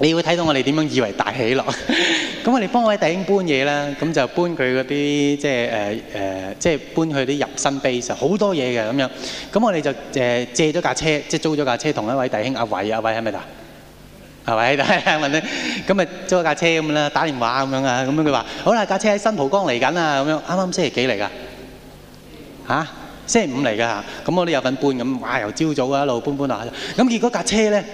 你會睇到我哋點樣以為大喜樂， 咁我哋幫位弟兄搬嘢啦，咁就搬佢嗰啲即係誒誒，即、呃、係、呃就是、搬佢啲入新碑實好多嘢嘅咁樣，咁我哋就誒、呃、借咗架車，即、就、係、是、租咗架車同一位弟兄阿偉，阿偉係咪啊？係咪？咁咪 租咗架車咁啦，打電話咁樣啊，咁樣佢話好啦，架車喺新蒲江嚟緊啦，咁樣啱啱星期幾嚟㗎？吓、啊？星期五嚟㗎，咁我哋有份搬。咁，哇！由朝早一路搬一搬下，咁結果架車咧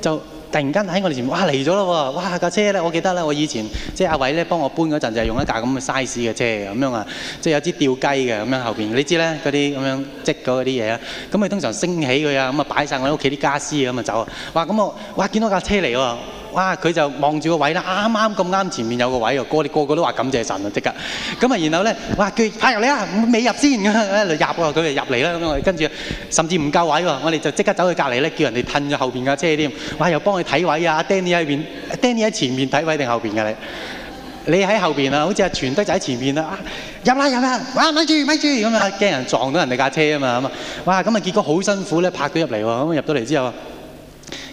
就～突然間喺我哋前面，哇嚟咗啦喎！哇架車呢，我記得我以前即係阿偉幫幫我搬嗰陣就係、用一架咁嘅 size 嘅車咁樣啊，即有支吊雞嘅咁樣後面，你知道嗰啲咁樣積嗰啲嘢咁，通常升起佢擺咁啊，擺曬我屋企啲家私咁啊走啊，哇咁我哇見到一架車嚟喎！哇！佢就望住個位啦，啱啱咁啱前面有個位喎，個我哋個，個，個都話感謝神啊！即刻咁啊，然後咧，哇！佢拍入嚟啊，未入先嘅，入喎，佢哋入嚟啦，咁跟住，甚至唔夠位喎，我哋就即刻走去隔離咧，叫人哋褪咗後邊架車添。哇！又幫佢睇位啊，Danny 喺邊？Danny 喺前面睇位定後邊噶你？你喺後邊啊？好似阿全德仔喺前邊啦。入啦入啦，哇！咪住咪住咁啊，驚人撞到人哋架車啊嘛咁啊！哇！咁啊結果好辛苦咧，拍佢入嚟喎。咁入到嚟之後，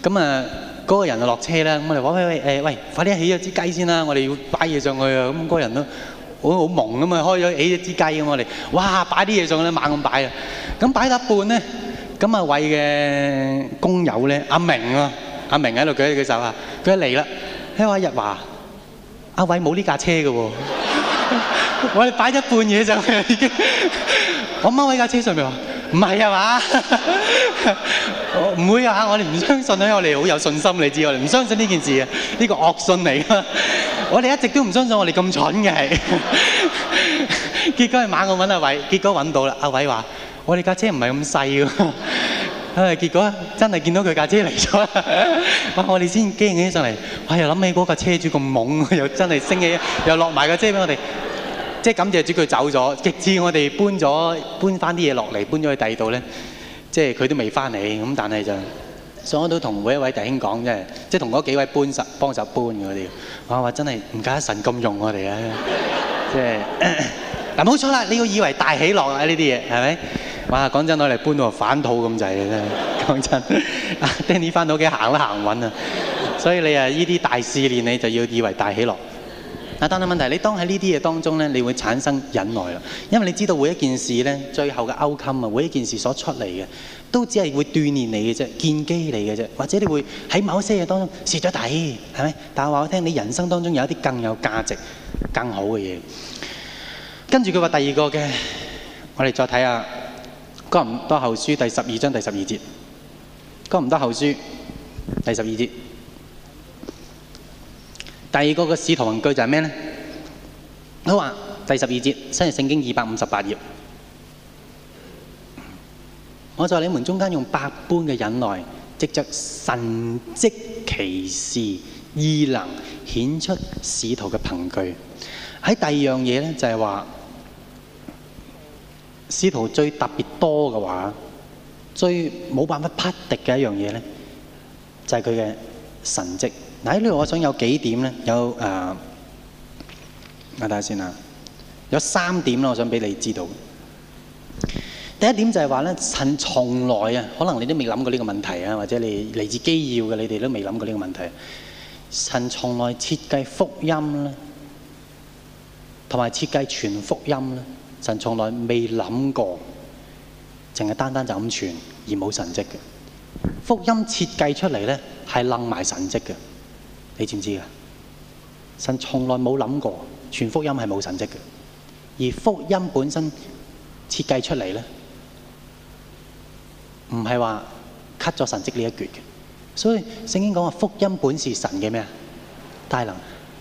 咁啊～、呃嗰個人就落車啦，咁我哋話，喂喂喂誒喂，快啲起咗支雞先啦，我哋要擺嘢上去啊。咁嗰人都好好矇啊嘛，開咗起咗支雞，咁我哋，哇，擺啲嘢上去啦，猛咁擺啊。咁擺咗一半咧，咁阿偉嘅工友咧，阿明啊，阿明喺度舉起佢手啊，佢一嚟啦，佢話，日華，阿偉冇呢架車嘅喎，我哋擺咗半嘢上去已經，我踎喺架車上邊話。唔係啊嘛，唔 會啊！我哋唔相信啊，因為我哋好有信心，你知我哋唔相信呢件事啊，呢個惡信嚟噶 我哋一直都唔相信我哋咁蠢嘅， 結果係猛我揾阿偉，結果揾到啦！阿偉話：我哋架車唔係咁細㗎。唉， 結果真係見到佢架車嚟咗， 我哋先驚起上嚟。哇！又諗起嗰架車主咁猛，又真係升起又落埋架車俾我哋。即係感謝住佢走咗，直至我哋搬咗搬翻啲嘢落嚟，搬咗去第二度咧，即係佢都未翻嚟。咁但係就，所以我都同每一位弟兄講，即係即係同嗰幾位搬手幫手搬嘅啲，哋。哇！真係唔怪得神咁用我哋啊！即係嗱，冇錯啦，你要以為大喜樂啊呢啲嘢係咪？哇！講真，我哋搬到就反肚咁滯嘅真係講真的。阿 Danny 翻到屋企行都行唔穩啊！所以你啊，呢啲大試煉你就要以為大喜樂。但係問題，你當喺呢啲嘢當中咧，你會產生忍耐啦。因為你知道每一件事咧，最後嘅勾襟啊，每一件事所出嚟嘅，都只係會鍛鍊你嘅啫，建基你嘅啫，或者你會喺某些嘢當中蝕咗底，係咪？但係我話我聽，你人生當中有一啲更有價值、更好嘅嘢。跟住佢話第二個嘅，我哋再睇下《哥林多後書》第十二章第十二節，《哥林多後書》第十二節。第二個嘅使徒憑據就係咩呢？佢話第十二節，新約聖經二百五十八頁。我在你們中間用百般嘅忍耐，藉着神跡奇事，異能顯出使徒嘅憑據。喺第二樣嘢咧，就係話使徒最特別多嘅話，最冇辦法匹敵嘅一樣嘢咧，就係佢嘅神跡。喺呢度，我想有幾點呢？有誒、呃，我睇下先啊。有三點我想畀你知道。第一點就係話呢，神從來啊，可能你都未諗過呢個問題啊，或者你嚟自基要嘅，你哋都未諗過呢個問題。神從來設計福音呢，同埋設計傳福音呢。神從來未諗過，淨係單單就咁傳而冇神跡嘅福音設計出嚟呢，係冧埋神跡嘅。你知唔知道神從來冇諗過，全福音係冇神蹟嘅，而福音本身設計出嚟呢，唔係話 cut 咗神蹟呢一橛嘅。所以聖經講話福音本是神嘅咩？大能。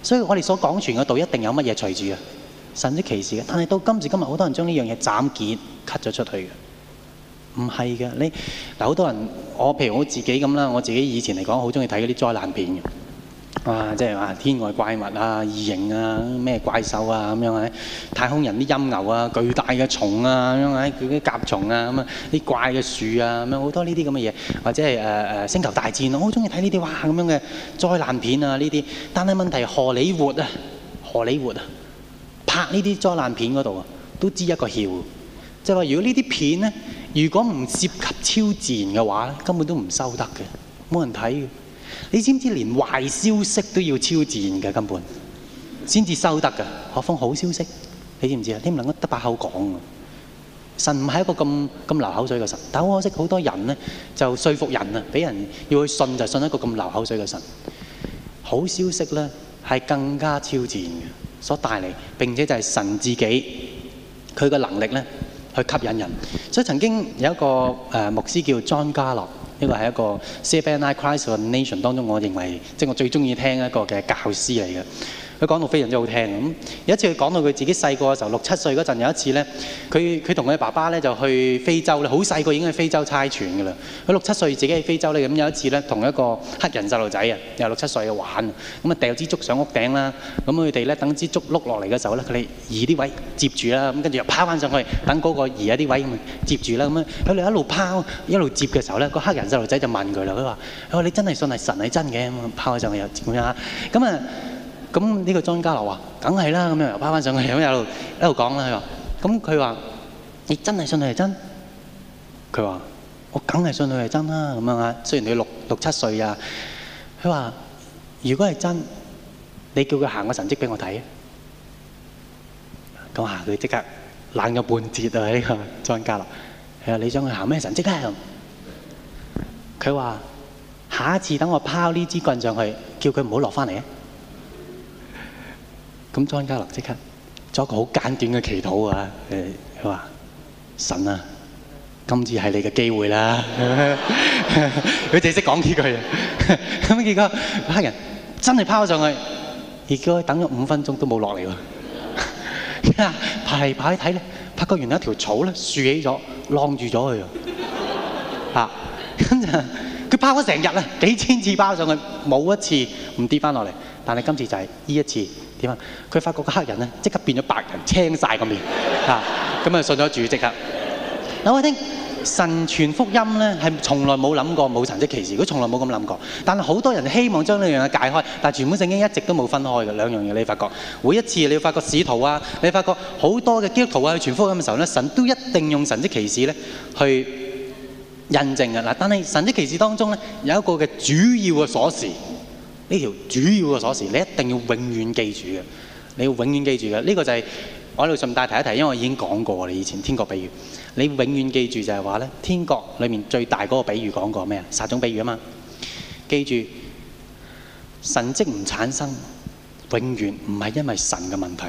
所以我哋所講傳嘅道一定有乜嘢隨住啊，神蹟奇事嘅。但係到今時今日，好多人將呢樣嘢斬截 cut 咗出去嘅，唔係嘅。你嗱，好多人，我譬如我自己咁啦，我自己以前嚟講，好鍾意睇嗰啲災難片哇，即係話天外怪物啊、異形啊、咩怪獸啊咁樣喺太空人啲陰牛啊、巨大嘅蟲啊咁樣喺啲甲蟲啊咁啊，啲怪嘅樹啊咁樣，好多呢啲咁嘅嘢，或者係誒誒星球大戰，我好中意睇呢啲哇咁樣嘅災難片啊呢啲。但係問題係荷里活啊，荷里活啊拍呢啲災難片嗰度啊，都知一個竅，即係話如果呢啲片咧，如果唔涉及超自然嘅話，根本都唔收得嘅，冇人睇嘅。你知唔知連壞消息都要超自然嘅，根本，先至收得噶何況好消息，你知唔知啊？你唔能夠得把口講。神唔係一個咁咁流口水嘅神，但好可惜，好多人咧就說服人啊，俾人要去信就信一個咁流口水嘅神。好消息咧係更加超自然嘅，所帶嚟，並且就係神自己佢嘅能力咧去吸引人。所以曾經有一個誒牧師叫莊家樂。呢、這個係一個 CFNI Christ of the Nation 當中，我認為即係、就是、我最鍾意聽一個嘅教師嚟嘅。佢講到非常之好聽。有一次，佢講到佢自己細個嘅時候，六七歲嗰陣，有一次呢佢佢同佢爸爸呢就去非洲咧，好細個已經去非洲差傳㗎啦。佢六七歲自己去非洲咧，咁有一次咧，同一個黑人細路仔啊，又六七歲啊玩啊，咁啊掉支竹上屋頂啦，咁佢哋等支竹碌落嚟嘅時候咧，佢哋移啲位接住啦，咁跟住又拋返上去，等嗰個移啊啲位接住啦，咁啊喺度一路拋一路接嘅時候咧，個黑人細路仔就問佢啦，佢話：，你真係信係神係真嘅？拋上又接呀？咁咁呢個莊家樂話：，梗係啦，咁樣又拋翻上去，咁一路一路講啦。佢話：，咁佢話，你真係信佢係真？佢話：，我梗係信佢係真啦。咁樣啊，雖然佢六六七歲啊。佢話：，如果係真，你叫佢行個神蹟俾我睇。咁行佢即刻冷咗半截啊！呢個莊家樂，係啊，你想佢行咩神蹟咧？佢話：，下一次等我拋呢支棍上去，叫佢唔好落翻嚟啊！咁莊家樂即刻做一個好簡短嘅祈禱啊！誒，佢話神啊，今次係你嘅機會啦。佢淨係識講呢句嘢，咁結果黑人真係拋上去，結果等咗五分鐘都冇落嚟喎。排排睇咧，發覺原來一條草咧豎起咗，晾住咗佢啊。啊，跟住佢拋咗成日啦，幾千次拋上去，冇一次唔跌翻落嚟，但係今次就係呢一次。佢發覺個黑人咧，即刻變咗白人，青晒個面嚇，咁 啊就信咗主即刻。嗱，我聽神傳福音咧，係從來冇諗過冇神蹟奇事，佢從來冇咁諗過。但係好多人希望將呢樣嘢解開，但係全本聖經一直都冇分開嘅兩樣嘢。你發覺每一次你發覺使徒啊，你發覺好多嘅基督徒啊去傳福音嘅時候咧，神都一定用神蹟奇事咧去印證嘅。嗱，但係神蹟奇事當中咧有一個嘅主要嘅鎖匙。呢條主要嘅鎖匙，你一定要永遠記住嘅，你要永遠記住嘅呢、呢個就係、是、我喺度順帶提一提，因為我已經講過了以前天國比喻，你永遠記住就係話呢，天國裏面最大嗰個比喻講過咩啊？十種比喻啊嘛。記住神跡唔產生，永遠唔係因為神嘅問題，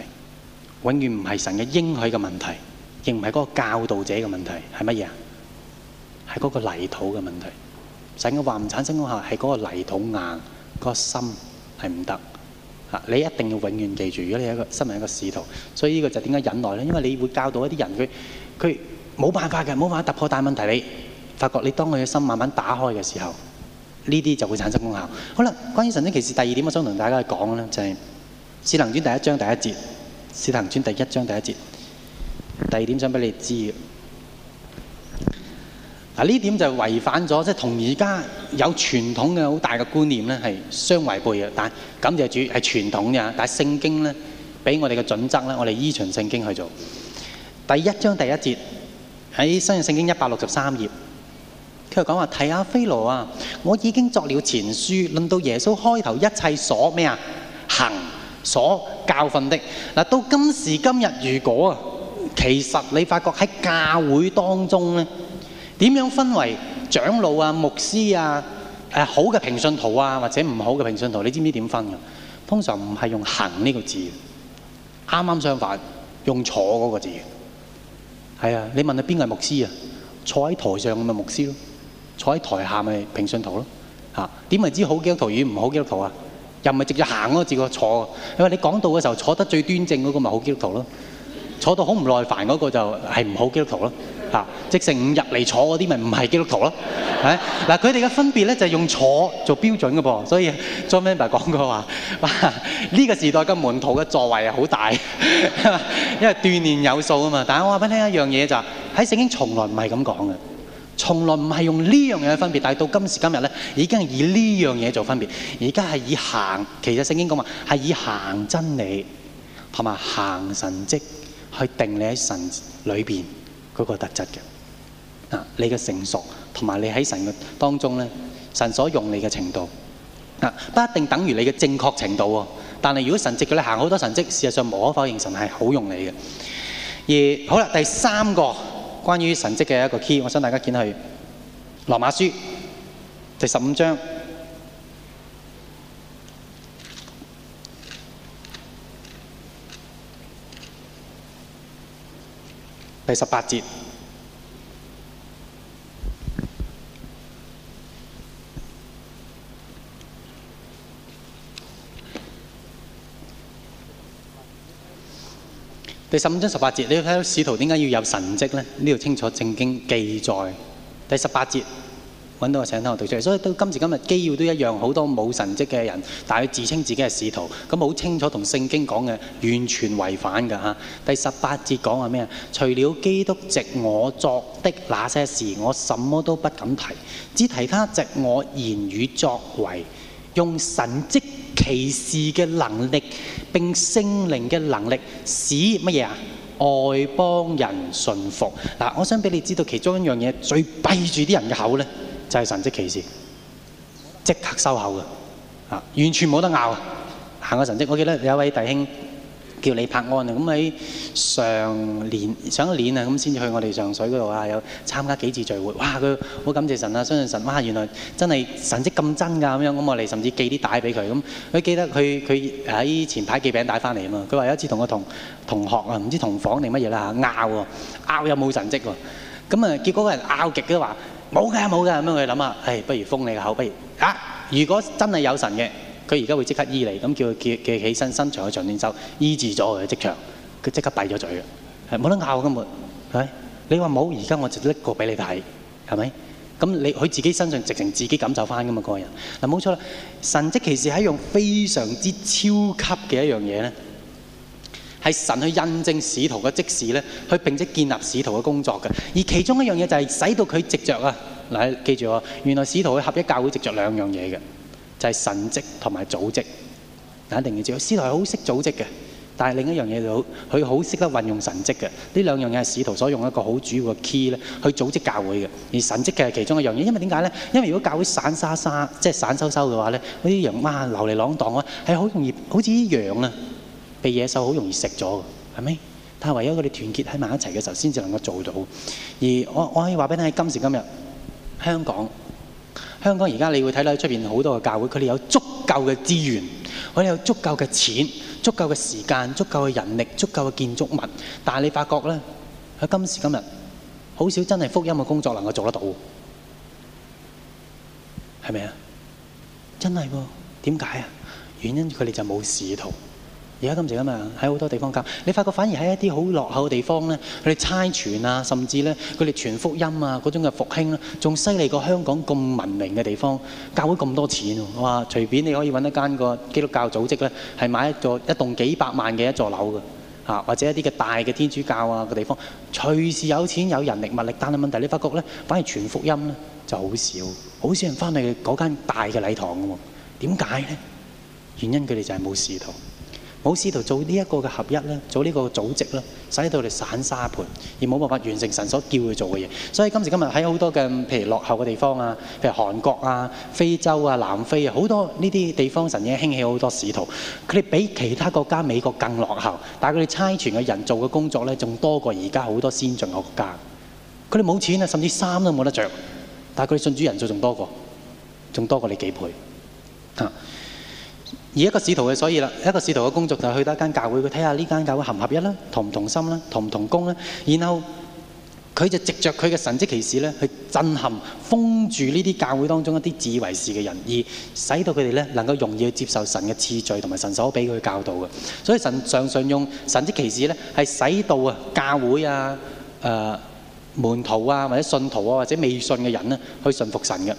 永遠唔係神嘅應許嘅問題，亦唔係嗰個教導者嘅問題，係乜嘢啊？係嗰個泥土嘅問題。神嘅話唔產生嗰下係嗰個泥土硬。個心係唔得嚇，你一定要永遠記住。如果你係一個身為一個使徒，所以呢個就點解忍耐咧？因為你會教到一啲人，佢佢冇辦法嘅，冇辦法突破大問題你。你發覺你當佢嘅心慢慢打開嘅時候，呢啲就會產生功效。好啦，關於神蹟奇事第二點，我想同大家講咧，就係、是《使徒行傳》第一章第一節，《使徒行傳》第一章第一節。第二點想俾你知。嗱呢點就係違反咗，即係同而家有傳統嘅好大嘅觀念咧，係相違背嘅。但感謝主係傳統嘅，但係聖經咧俾我哋嘅準則咧，我哋依循聖經去做。第一章第一節喺新約聖經一百六十三頁，佢就講話：提阿非羅啊，我已經作了前書，論到耶穌開頭一切所咩啊行所教訓的。嗱到今時今日，如果啊，其實你發覺喺教會當中咧。點樣分為長老啊、牧師啊、誒、啊、好嘅平信徒啊，或者唔好嘅平信徒？你知唔知點分嘅？通常唔係用行呢、這個字，啱啱相反，用坐嗰、那個字嘅。係啊，你問下邊個係牧師啊？坐喺台上咪牧師咯，啊，坐喺台下咪平信徒咯。嚇，點嚟知好基督徒與唔好基督徒啊？又唔係直接行嗰個字，個坐。因為你講道嘅時候坐得最端正嗰個咪好基督徒咯，啊，坐到好唔耐煩嗰個就係唔好基督徒咯，啊。嗱、啊，即成五入嚟坐嗰啲咪唔係基督徒咯？係 嗱、啊，佢哋嘅分別咧就係用坐做標準嘅噃，所以 John Member 講過話：呢、呢個時代嘅門徒嘅作為係好大，因為鍛鍊有數啊嘛。但係我話俾你聽一樣嘢就係、係，喺聖經從來唔係咁講嘅，從來唔係用呢樣嘢去分別，但係到今時今日咧，已經係以呢樣嘢做分別。而家係以行，其實聖經講話係以行真理同埋行神蹟去定你喺神裏邊。嗰、那個特質嘅啊，你嘅成熟同埋你喺神嘅當中咧，神所用你嘅程度啊，不一定等於你嘅正確程度喎、哦。但係如果神藉着你行好多神蹟，事實上無可否認，神係好用你嘅。而好啦，第三個關於神蹟嘅一個 key，我想大家見去羅馬書第十五章。第十八節，第十五章十八節，你要睇到使徒點解要有神蹟呢？呢度清楚正經記載。第十八節。找到個請單，我讀出嚟，所以到今時今日，機要都一樣，好多冇神蹟嘅人，但係自稱自己係使徒，咁好清楚同聖經講嘅完全違反㗎嚇。第十八節講係咩啊？除了基督藉我作的那些事，我什麼都不敢提，只提他藉我言語作為，用神蹟奇事嘅能力，並聖靈嘅能力，使乜嘢啊？外邦人信服。嗱，我想給你知道其中一樣嘢，最閉住啲人嘅口呢。就係、是、神蹟奇事，即刻收口㗎，啊，完全冇得拗。行個神蹟，我記得有一位弟兄叫李柏安啊，咁喺上年上一年啊，咁先至去我哋上水嗰度啊，有參加幾次聚會。哇，佢好感謝神啊，相信神。哇，原來真係神蹟咁真㗎，咁樣咁我哋甚至寄啲帶俾佢。咁、啊、佢記得佢佢喺前排寄餅帶翻嚟啊嘛。佢話有一次同個同同學啊，唔知同房定乜嘢啦，拗喎，拗有冇神蹟喎。咁啊，結果嗰人拗極都話。冇嘅冇嘅咁樣去諗啊！係不如封你個口，不如啊！如果真係有神嘅，佢而家會即刻醫你，咁叫佢叫企起身伸長個長短手，醫治咗佢嘅職場，佢即刻閉咗嘴啦，係冇得拗嘅嘛，係咪？你話冇，而家我就拎個俾你睇，係咪？咁你佢自己身上直情自己感受翻嘅嘛，個人嗱，冇錯啦，神蹟其實係一樣非常之超級嘅一樣嘢咧。係神去印證使徒嘅職事咧，去並且建立使徒嘅工作嘅。而其中一樣嘢就係使到佢執着啊！嗱，記住啊，原來使徒去合一教會，執着兩樣嘢嘅，就係、是、神蹟同埋組織。嗱，一定要知道，使徒係好識組織嘅，但係另一樣嘢就好，佢好識得運用神蹟嘅。呢兩樣嘢係使徒所用的一個好主要嘅 key 咧，去組織教會嘅。而神蹟嘅係其中一樣嘢，因為點解咧？因為如果教會散沙沙，即、就、係、是、散收收嘅話咧，嗰啲羊哇流離浪蕩嘅話，係好容易好似啲羊啊！嘅野獸好容易食咗，係咪？但係唯有佢哋團結喺埋一齊嘅時候，先至能夠做到。而我我可以話俾你聽，今時今日香港，香港而家你會睇到出邊好多嘅教會，佢哋有足夠嘅資源，佢哋有足夠嘅錢、足夠嘅時間、足夠嘅人力、足夠嘅建築物，但係你發覺咧喺今時今日，好少真係福音嘅工作能夠做得到，係咪啊？真係噃。點解啊？原因佢哋就冇使徒。而家今時咁啊，喺好多地方教，你發覺反而喺一啲好落後嘅地方咧，佢哋差傳啊，甚至咧佢哋傳福音啊嗰種嘅復興咧，仲犀利過香港咁文明嘅地方，教咗咁多錢喎，哇！隨便你可以揾一間個基督教組織咧，係買一座一棟幾百萬嘅一座樓嘅嚇，或者一啲嘅大嘅天主教啊嘅地方，隨時有錢有人力物力，但係問題你發覺咧，反而傳福音咧就好少，好少人翻去嗰間大嘅禮堂嘅喎，點解咧？原因佢哋就係冇使徒。冇試圖做呢一個嘅合一咧，做呢個組織咧，使到佢散沙盤，而冇辦法完成神所叫佢做嘅嘢。所以今時今日喺好多嘅譬如落後嘅地方啊，譬如韓國啊、非洲啊、南非啊，好多呢啲地方神已經興起好多使徒，佢哋比其他國家美國更落後，但係佢哋差傳嘅人做嘅工作咧，仲多過而家好多先進嘅國家。佢哋冇錢啊，甚至衫都冇得着，但係佢哋信主人數仲多過，仲多過你幾倍嚇。而一個使徒嘅，所以啦，一個使徒嘅工作就去到一間教會，佢睇下呢間教會合唔合一啦，同唔同心啦，同唔同工啦。然後佢就藉著佢嘅神蹟奇事咧，去震撼、封住呢啲教會當中一啲自以為是嘅人，而使到佢哋咧能夠容易去接受神嘅次序同埋神所俾佢嘅教導嘅。所以神常常用神蹟奇事咧，係使到啊教會啊、誒門徒啊或者信徒啊或者未信嘅人咧，去信服神嘅。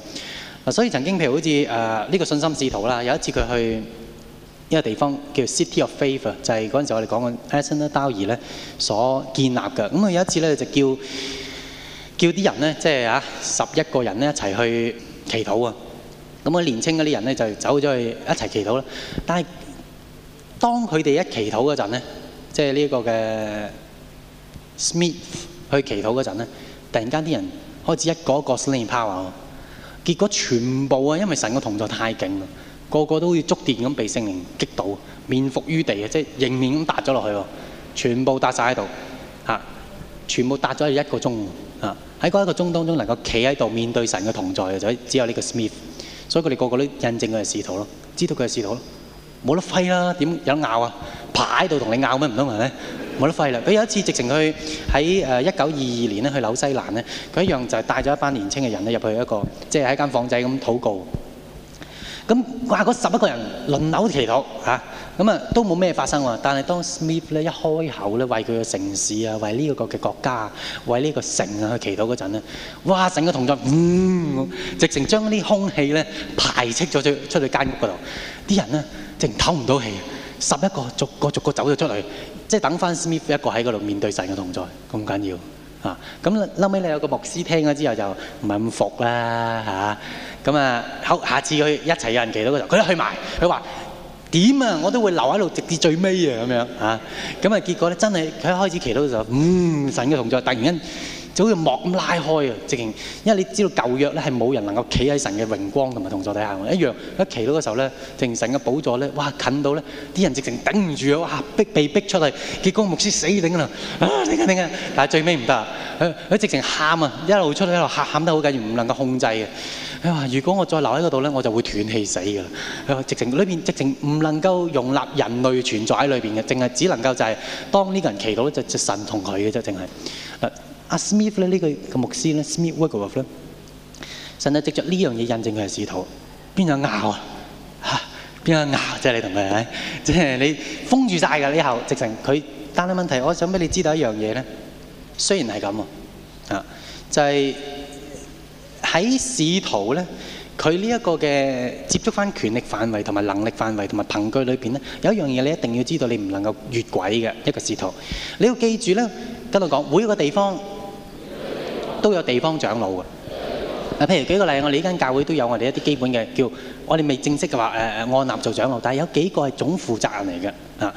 嗱，所以曾經譬如好似誒呢個信心使徒啦，有一次佢去。一個地方叫 City of Favor 就係嗰陣時候我哋講嘅 Ashton Dowler 咧所建立嘅。咁、嗯、啊有一次咧就叫叫啲人咧即係啊十一個人咧一齊去祈禱啊。咁、嗯、啊年青嗰啲人咧就走咗去一齊祈禱啦。但係當佢哋一祈禱嗰陣咧，即係呢一個嘅 Smith 去祈禱嗰陣咧，突然間啲人開始一個一個 slain power，結果全部啊因為神嘅同在太勁啦。個個都好似觸電咁被聖靈擊倒，面伏於地嘅，即係迎面咁踏咗落去喎，全部踏晒喺度，嚇，全部踏咗一個鐘，嚇，喺嗰一個鐘當中能夠企喺度面對神嘅同在就只有呢個 Smith，所以佢哋個個都印證佢嘅仕途咯，知道佢嘅仕途咯，冇得揮啦，點有得拗啊？排度同你拗咩唔通係咩？冇得揮啦！佢有一次直情去喺誒一九二二年咧去紐西蘭咧，佢一樣就帶咗一班年青嘅人咧入去一個，即係喺間房仔咁禱告。咁哇！嗰十一個人輪流祈禱，咁啊都冇咩發生喎。但係當 Smith 咧一開口呢，為佢嘅城市啊，為呢個國嘅國家啊，為呢個城啊去祈禱嗰陣呢，嘩，神嘅同在，嗯，直成將啲空氣呢排斥咗出出去間屋嗰度，啲人呢，直成唞唔到氣。十一個逐個逐個走咗出嚟，即係等返 Smith 一個喺嗰度面對神嘅同在，咁緊要。啊！咁後尾你有個牧師聽咗之後就唔係咁服啦，咁啊好下次佢一齊有人祈禱嘅時候，佢都去埋。佢話點啊？我都會留喺度直至最尾啊！咁樣咁啊結果咧真係佢一開始祈禱嘅時候，嗯，神嘅動作，突然間。就好似幕咁拉開啊！直情，因為你知道舊約咧係冇人能夠企喺神嘅榮光同埋同座底下喎。一樣，一祈禱嗰時候咧，直情神嘅寶座咧，哇近到咧，啲人直情頂唔住啊！哇，逼被逼出嚟，結果牧師死頂啦！啊，頂啊頂啊！但係最尾唔得啊！佢佢直情喊啊！一路出去一路喊，喊得好緊要，唔能夠控制嘅。佢話：如果我再留喺嗰度咧，我就會斷氣死㗎啦！佢話：直情裏邊直情唔能夠容納人類存在喺裏邊嘅，淨係只能夠就係當呢個人祈禱就就神同佢嘅啫，淨係。阿 s 斯密夫咧呢句個牧師咧，Smith Wigglesworth 咧，神啊藉着呢樣嘢印證佢係使徒。邊有拗啊？嚇，邊有拗？即係你同佢係即係你封住晒㗎呢後，直情佢單單問題。我想俾你知道一樣嘢咧，雖然係咁啊，就係喺使徒咧，佢呢一個嘅接觸翻權力範圍同埋能力範圍同埋憑據裏邊咧，有一樣嘢你一定要知道，你唔能夠越軌嘅一、這個使徒。你要記住咧，跟佢講每一個地方都有地方長老㗎，譬如舉個例子，我哋呢間教會都有我哋一啲基本嘅，叫我哋未正式嘅話，誒誒，按立做長老，但係有幾個係總負責人嚟嘅，啊，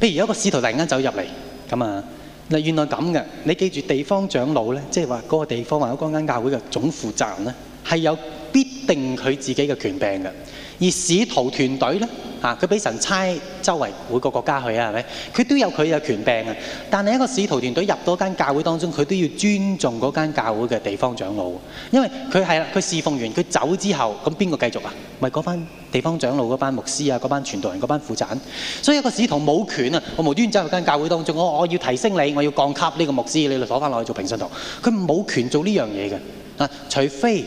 譬如有一個使徒突然間走入嚟，咁啊，嗱，原來咁嘅，你記住地方長老呢，即係話嗰個地方或者嗰間教會嘅總負責人呢，係有必定佢自己嘅權柄嘅。而使徒團隊呢，嚇佢俾神差周圍每個國家去啊，係咪？佢都有佢嘅權柄啊。但係一個使徒團隊入到嗰間教會當中，佢都要尊重嗰間教會嘅地方長老，因為佢係啦，佢侍奉完佢走之後，咁邊個繼續啊？唔係嗰班地方長老，嗰班牧師啊，嗰班傳道人，嗰班負責人。所以一個使徒冇權啊，我無端端走入間教會當中，我我要提升你，我要降級呢個牧師，你攞翻落去做平信徒，佢冇權做呢樣嘢嘅啊！除非，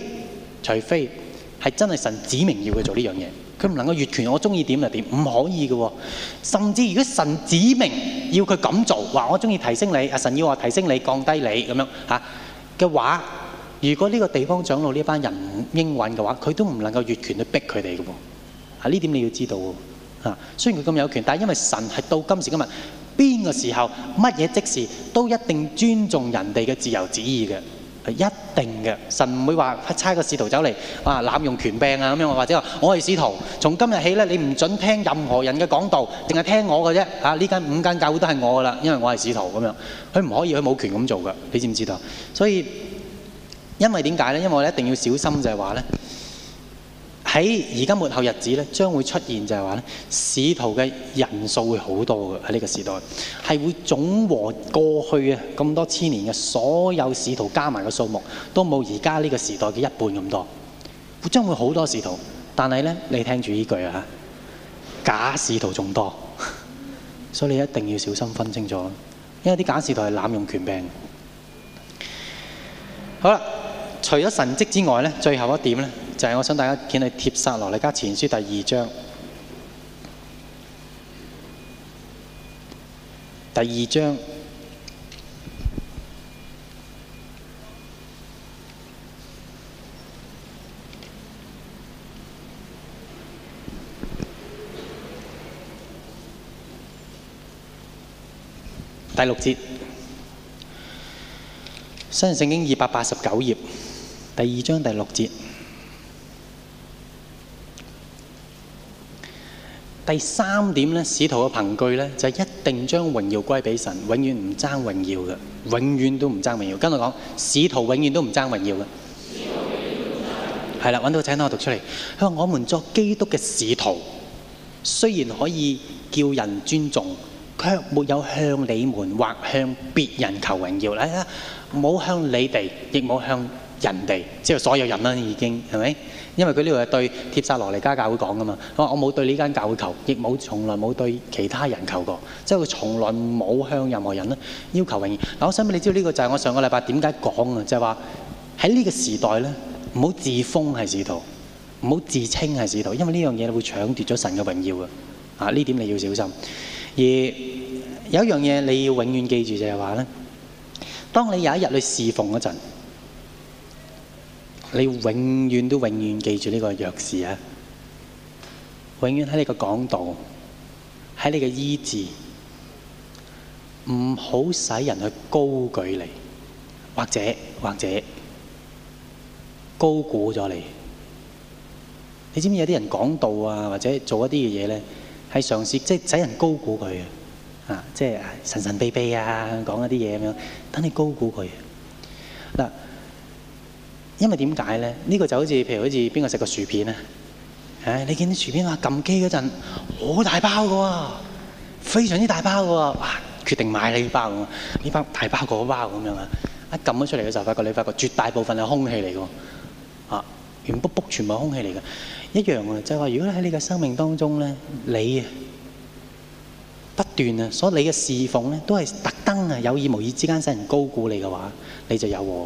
除非。係真係神指明要佢做呢樣嘢，佢唔能夠越權。我中意點就點，唔可以嘅。甚至如果神指明要佢噉做，話我中意提升你，神要我提升你、降低你咁樣、啊、噉樣嘅話，如果呢個地方長老呢班人唔應允嘅話，佢都唔能夠越權去逼佢哋㗎喎。啊，呢、啊、點你要知道喎。然、啊、雖然佢咁有權，但係因為神係到今時今日，邊個時候乜嘢即時都一定尊重人哋嘅自由旨意嘅。一定嘅，神唔會話派差個使徒走嚟，哇、啊、濫用權柄啊咁樣，或者話我係使徒，從今日起咧，你唔准聽任何人嘅講道，淨係聽我嘅啫。嚇、啊，呢間五間教會都係我噶啦，因為我係使徒咁樣，佢唔可以，佢冇權咁做噶，你知唔知道？所以因為點解咧？因為我哋一定要小心就是說，就係話咧。喺而家末後日子咧，將會出現就係話咧，使徒嘅人數會好多嘅喺呢個時代，係會總和過去啊咁多千年嘅所有使徒加埋嘅數目，都冇而家呢個時代嘅一半咁多。會將會好多使徒，但係咧，你聽住呢句啊，假使徒仲多，所以你一定要小心分清楚，因為啲假使徒係濫用權柄。好啦，除咗神蹟之外咧，最後一點咧。就係、是、我想大家見佢帖撒羅尼迦前書第二章，第二章第，第二章第六節，新聖經二百八十九頁，第二章第六節。第三點咧，使徒嘅憑據咧，就係一定將榮耀歸俾神，永遠唔爭榮耀嘅，永遠都唔爭榮耀。跟我講，使徒永遠都唔爭榮耀嘅，係啦，揾到請攞我讀出嚟。佢話：我們作基督嘅使徒，雖然可以叫人尊重，卻沒有向你們或向別人求榮耀嚟，冇向你哋，亦冇向。人哋即係所有人啦，已經係咪？因為佢呢度係對帖撒羅尼加教會講噶嘛。我冇對呢間教會求，亦冇從來冇對其他人求過。即係佢從來冇向任何人咧要求榮耀。嗱，我想問你知道呢個就係我上個禮拜點解講啊？就係話喺呢個時代咧，唔好自封係使徒，唔好自稱係使徒，因為呢樣嘢會搶奪咗神嘅榮耀啊！啊，呢點你要小心。而有一樣嘢你要永遠記住就係話咧，當你有一日去侍奉嗰陣。你永遠都永遠記住呢個約誓啊！永遠喺你嘅講道，喺你嘅醫治，唔好使人去高舉你，或者或者高估咗你。你知唔知有啲人講道啊，或者做一啲嘅嘢咧，係嘗試即係使人高估佢啊！即係神神秘秘啊，講一啲嘢咁樣，等你高估佢嗱。啊因為點解呢？呢、這個就好似譬如好似邊個食個薯片呢、啊？你見啲薯片啊，撳機嗰陣好大包嘅喎、啊，非常之大包嘅喎、啊，哇！決定買呢包咁啊，呢包大包嗰包咁樣啊，一撳咗出嚟嘅時候，發覺你發覺絕大部分係空氣嚟嘅，嚇、啊，原全部卜全部係空氣嚟嘅，一樣的就係話，如果喺你嘅生命當中呢，你不斷所所你嘅侍奉呢，都係特登有意無意之間使人高估你嘅話，你就有喎。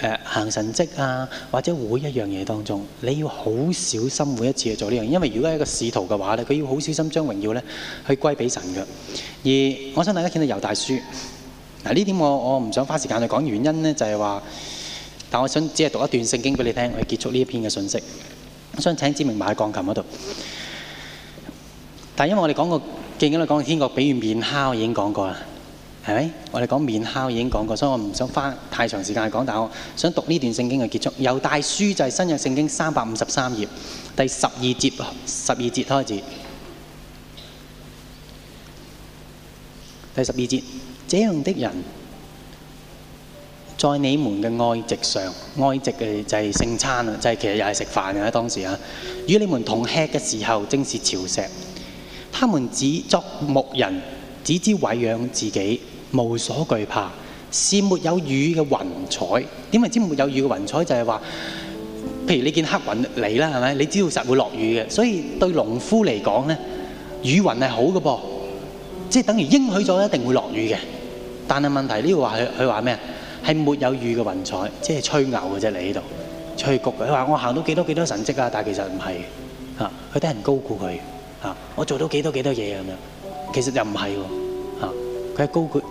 誒行神跡啊，或者每一樣嘢當中，你要好小心，每一次去做呢樣嘢，因為如果係一個使徒嘅話咧，佢要好小心將榮耀咧去歸俾神嘅。而我想大家見到猶大書，嗱呢點我我唔想花時間去講原因咧，就係話，但我想只係讀一段聖經俾你聽，去結束呢一篇嘅信息。我想請志明埋喺鋼琴嗰度，但因為我哋講過，記緊啦，講到天國比喻面烤已經講過啦。係咪？我哋講麵酵已經講過，所以我唔想花太長時間講，但我想讀呢段聖經嘅結束。猶大書就係、是、新約聖經三百五十三頁第十二節，十二節開始。第十二節，這樣的人，在你們嘅愛席上，愛席就係聖餐啦，就係、是、其實又係食飯嘅當時啊。與你們同吃嘅時候，正是礁石。他們只作牧人，只知餵養自己。無所懼怕，是沒有雨嘅雲彩。點為知沒有雨嘅雲彩就係話，譬如你見黑雲嚟啦，係咪？你知道實會落雨嘅，所以對農夫嚟講咧，雨雲係好嘅噃，即係等於應許咗一定會落雨嘅。但係問題呢個話佢佢話咩啊？係沒有雨嘅雲彩，即係吹牛嘅啫。你喺呢度吹噏，佢話我行到幾多幾多神跡啊？但係其實唔係啊。佢啲人高估佢啊。我做到幾多幾多嘢咁樣，其實又唔係喎。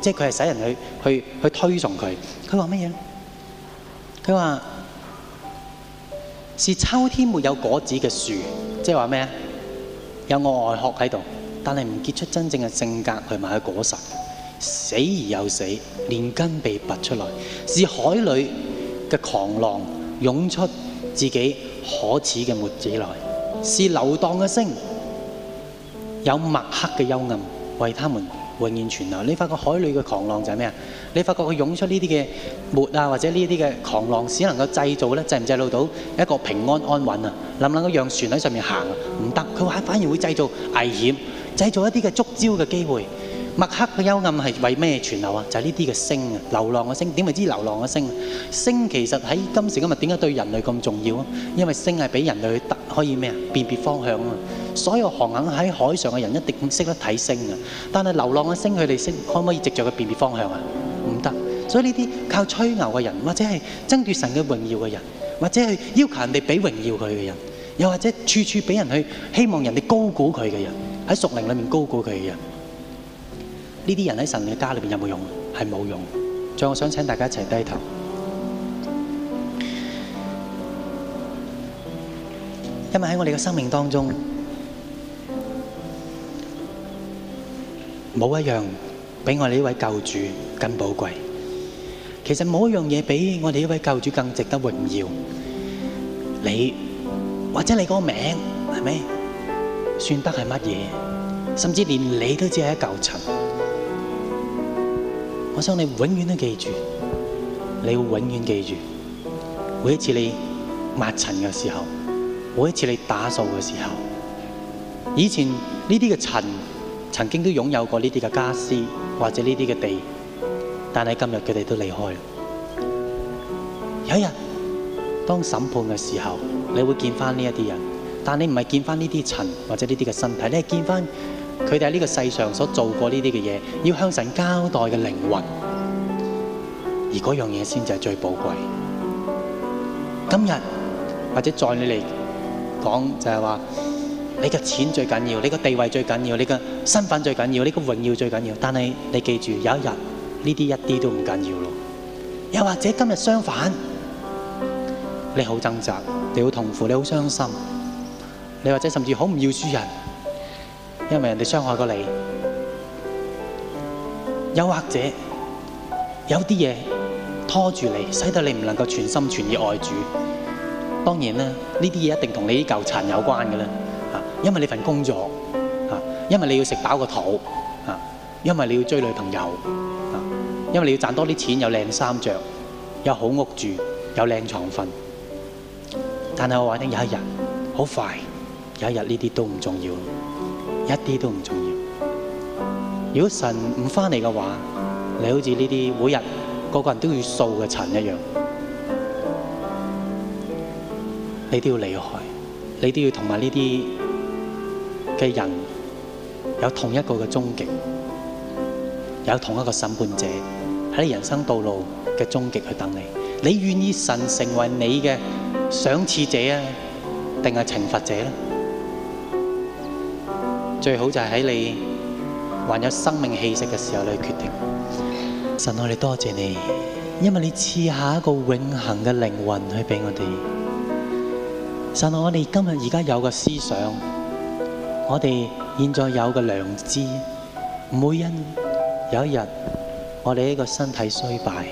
即係佢係使人去去去推崇佢。佢話乜嘢？佢話是秋天沒有果子嘅樹，即係話咩啊？有我外殼喺度，但係唔結出真正嘅性格同埋嘅果實，死而又死，連根被拔出來。是海裏嘅狂浪湧，湧出自己可恥嘅沫子來。是流蕩嘅星，有墨黑嘅幽暗為他們。永遠存留，你發覺海裡嘅狂浪就係咩啊？你發覺佢湧出呢啲嘅沫啊，或者呢一啲嘅狂浪，只能夠製造呢，製唔製造到一個平安安穩啊？能唔能夠讓船喺上面行啊？唔得，佢反反而會製造危險，製造一啲嘅觸礁嘅機會。墨黑嘅幽暗係為咩存留啊？就係呢啲嘅星啊，流浪嘅星。點為之流浪嘅星啊？星其實喺今時今日點解對人類咁重要啊？因為星係俾人類得可以咩啊？辨別方向啊！所有航行喺海上嘅人一定識得睇星啊，但係流浪嘅星，佢哋星可唔可以藉著佢辨別方向啊？唔得。所以呢啲靠吹牛嘅人，或者係爭取神嘅榮耀嘅人，或者係要求人哋俾榮耀佢嘅人，又或者處處俾人去希望人哋高估佢嘅人，喺屬靈裏面高估佢嘅人，呢啲人喺神嘅家裏邊有冇用？係冇用。最後我想請大家一齊低頭，因為喺我哋嘅生命當中。冇一樣比我哋呢位救主更寶貴。其實冇一樣嘢比我哋呢位救主更值得榮耀。你或者你個名係咪？算得係乜嘢？甚至連你都只係一嚿塵。我想你永遠都記住，你會永遠記住，每一次你抹塵嘅時候，每一次你打掃嘅時候，以前呢啲嘅塵。曾經都擁有過呢啲嘅家私或者呢啲嘅地，但係今日佢哋都離開。有一日當審判嘅時候，你會見翻呢一啲人，但你唔係見翻呢啲塵或者呢啲嘅身體，你係見翻佢哋喺呢個世上所做過呢啲嘅嘢，要向神交代嘅靈魂，而嗰樣嘢先至係最寶貴。今日或者在你嚟講就係話。你嘅錢最緊要，你嘅地位最緊要，你嘅身份最緊要，你嘅榮耀最緊要。但係你記住，有一日呢啲一啲都唔緊要咯。又或者今日相反，你好掙扎，你好痛苦，你好傷心，你或者甚至好唔要輸人，因為人哋傷害過你。又或者有啲嘢拖住你，使得你唔能夠全心全意愛主。當然啦，呢啲嘢一定同你啲舊殘有關嘅啦。因為你份工作，啊，因為你要食飽個肚，啊，因為你要追女朋友，啊，因為你要賺多啲錢，有靚衫著，有好屋住，有靚床瞓。但係我話咧，有一日，好快，有一日呢啲都唔重要，一啲都唔重要。如果神唔翻嚟嘅話，你好似呢啲每日個個人都要掃嘅塵一樣，你都要離開，你都要同埋呢啲嘅人有同一個嘅終極，有同一個審判者喺你人生道路嘅終極去等你。你願意神成為你嘅賞賜者啊，定係懲罰者咧？最好就係喺你還有生命氣息嘅時候你去決定。神，我哋多謝你，因為你賜下一個永恒嘅靈魂去俾我哋。神，我哋今日而家有個思想。我哋現在有個良知，每因有一日我哋呢個身體衰敗，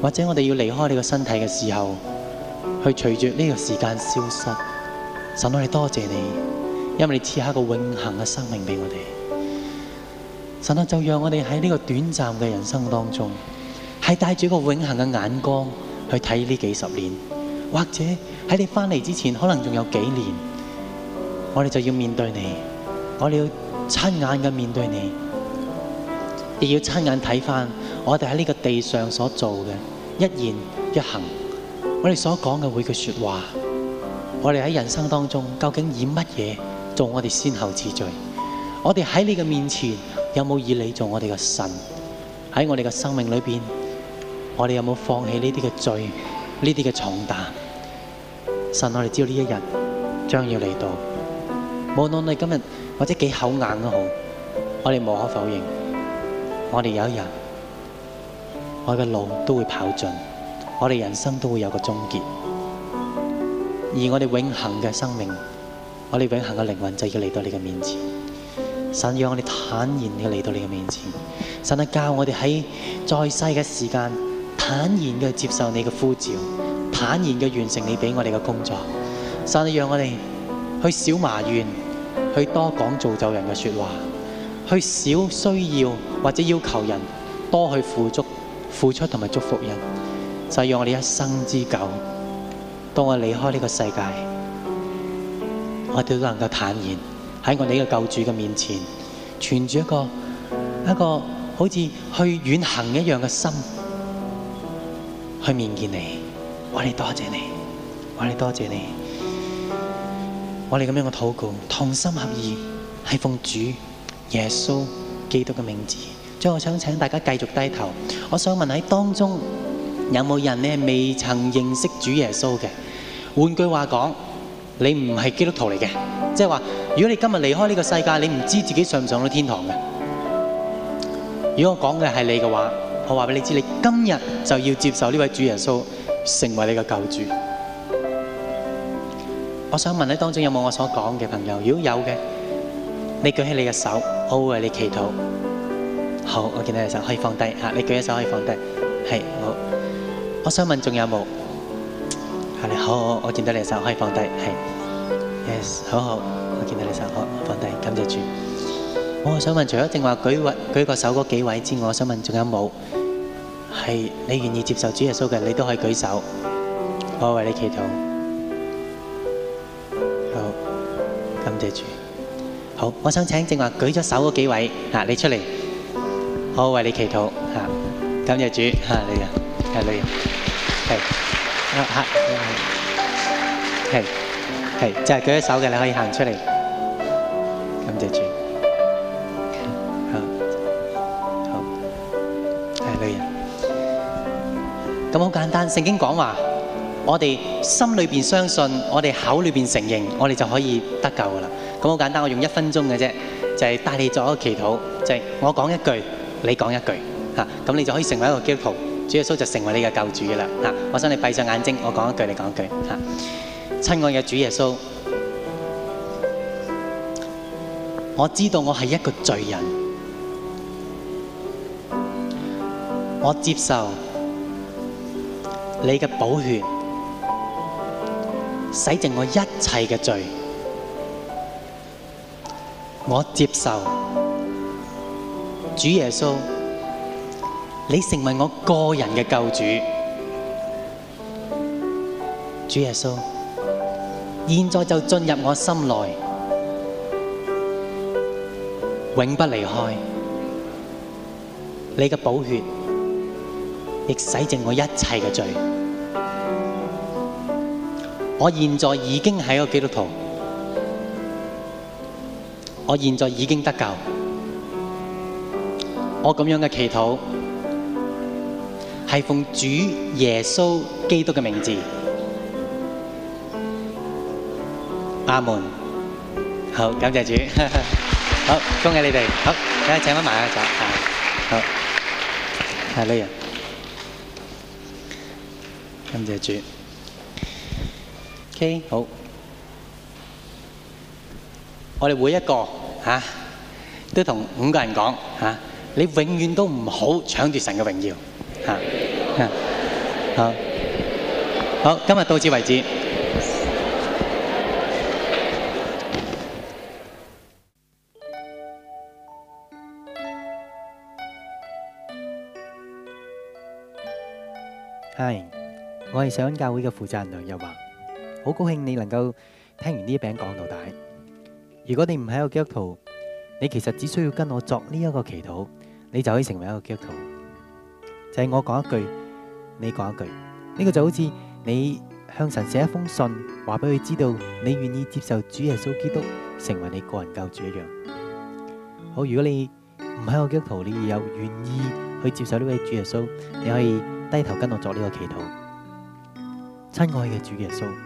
或者我哋要離開你個身體嘅時候，去隨住呢個時間消失。神啊，我哋多謝你，因為你賜下個永恆嘅生命俾我哋。神啊，我哋就讓我哋喺呢個短暫嘅人生當中，係帶住個永恆嘅眼光去睇呢幾十年，或者喺你翻嚟之前，可能仲有幾年。我哋就要面對你，我哋要親眼嘅面對你，亦要親眼睇翻我哋喺呢個地上所做嘅一言一行，我哋所講嘅每句說話，我哋喺人生當中究竟以乜嘢做我哋先後次序？我哋喺你嘅面前有冇以你做我哋嘅神？喺我哋嘅生命裏邊，我哋有冇放棄呢啲嘅罪、呢啲嘅重擔？神，我哋知道呢一日將要嚟到。無論你今日或者幾口硬都好，我哋無可否認，我哋有一日，我嘅路都會跑盡，我哋人生都會有個終結。而我哋永恒嘅生命，我哋永恒嘅靈魂就要嚟到你嘅面前。神讓我哋坦然嘅嚟到你嘅面前，神啊，教我哋喺在世嘅時間坦然嘅接受你嘅呼召，坦然嘅完成你俾我哋嘅工作。神啊，讓我哋去少埋怨。去多講造就人嘅說話，去少需要或者要求人，多去付足付出同埋祝福人，就用我哋一生之久。當我離開呢個世界，我哋都能夠坦然喺我哋呢個救主嘅面前，存住一個一個好似去遠行一樣嘅心，去面見你。我哋多謝你，我哋多謝你。我哋咁樣嘅禱告，同心合意，係奉主耶穌基督嘅名字。最後我想請大家繼續低頭。我想問喺當中有冇人未曾認識主耶穌嘅？換句話講，你唔係基督徒嚟嘅，即係話，如果你今日離開呢個世界，你唔知自己上唔上到天堂嘅。如果我講嘅係你嘅話，我話俾你知，你今日就要接受呢位主耶穌成為你嘅救主。我想問咧，當中有冇我所講嘅朋友？如果有嘅，你舉起你嘅手，我會為你祈禱。好，我見到你手可以放低啊！你舉起手可以放低，係好。我想問仲有冇？係，好，我見到你手可以放低，係。好好，我見到你手好放低，感謝主。我想問，除咗正話舉位舉個手嗰幾位之外，我想問仲有冇？係你願意接受主耶穌嘅，你都可以舉手，我為你祈禱。好，我想請正話舉咗手嗰幾位啊，你出嚟，我為你祈禱啊。感謝主，吓你啊，係女人，係啊，係，係，係，就係舉咗手嘅，你可以行出嚟。感謝主，好，好，係女人。咁好簡單，聖經講話。我哋心裏邊相信，我哋口裏邊承認，我哋就可以得救㗎喇。咁好簡單，我用一分鐘嘅啫，就係帶你做一個祈禱，就係我講一句，你講一句，咁、啊、你就可以成為一個基督徒。主耶穌就成為你嘅救主噶啦。啊，我想你閉上眼睛，我講一句，你講一句，啊、親愛嘅主耶穌，我知道我係一個罪人，我接受你嘅寶血。洗淨我一切嘅罪，我接受主耶穌，你成為我個人嘅救主。主耶穌，現在就進入我心內，永不離開。你嘅寶血，亦洗淨我一切嘅罪。我現在已經係一個基督徒，我現在已經得救，我咁樣嘅祈禱係奉主耶穌基督嘅名字，阿門。好，感謝主，好，恭喜你哋。好，大家請翻埋啊，坐。好，係呢人，感謝主。O K，好，我哋每一個吓，都同五個人講吓，你永遠都唔好搶奪神嘅榮耀吓。好，好，今日到此為止。係，我係上恩教會嘅負責人梁日華。好高興你能夠聽完呢一篇講到大。如果你唔喺個基督徒，你其實只需要跟我作呢一個祈禱，你就可以成為一個基督徒。就係我講一句，你講一句，呢個就好似你向神寫一封信，話俾佢知道你願意接受主耶穌基督成為你個人救主一樣。好，如果你唔喺個基督徒，你有願意去接受呢位主耶穌，你可以低頭跟我作呢個祈禱。親愛嘅主耶穌。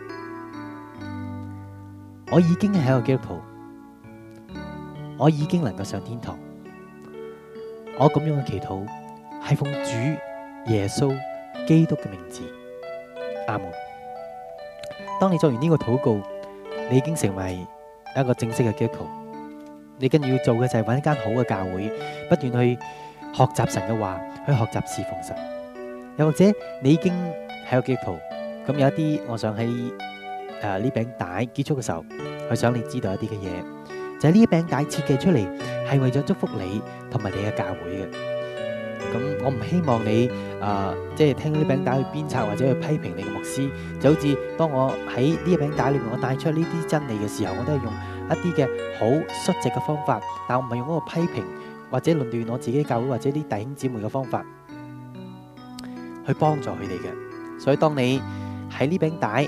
我已經喺個基督徒，我已經能夠上天堂。我咁樣嘅祈禱係奉主耶穌基督嘅名字，阿門。當你做完呢個禱告，你已經成為一個正式嘅基督徒。你跟住要做嘅就係揾一間好嘅教會，不斷去學習神嘅話，去學習侍奉神。又或者你已經喺個基督徒，咁有一啲我想喺。誒，呢餅帶結束嘅時候，佢想你知道一啲嘅嘢，就係呢餅帶設計出嚟，係為咗祝福你同埋你嘅教會嘅。咁我唔希望你誒，即係聽呢餅帶去鞭策或者去批評你嘅牧師，就好似當我喺呢餅帶裏面，我帶出呢啲真理嘅時候，我都係用一啲嘅好率直嘅方法，但係我唔係用嗰個批評或者論斷我自己教會或者啲弟兄姊妹嘅方法去幫助佢哋嘅。所以當你喺呢餅帶，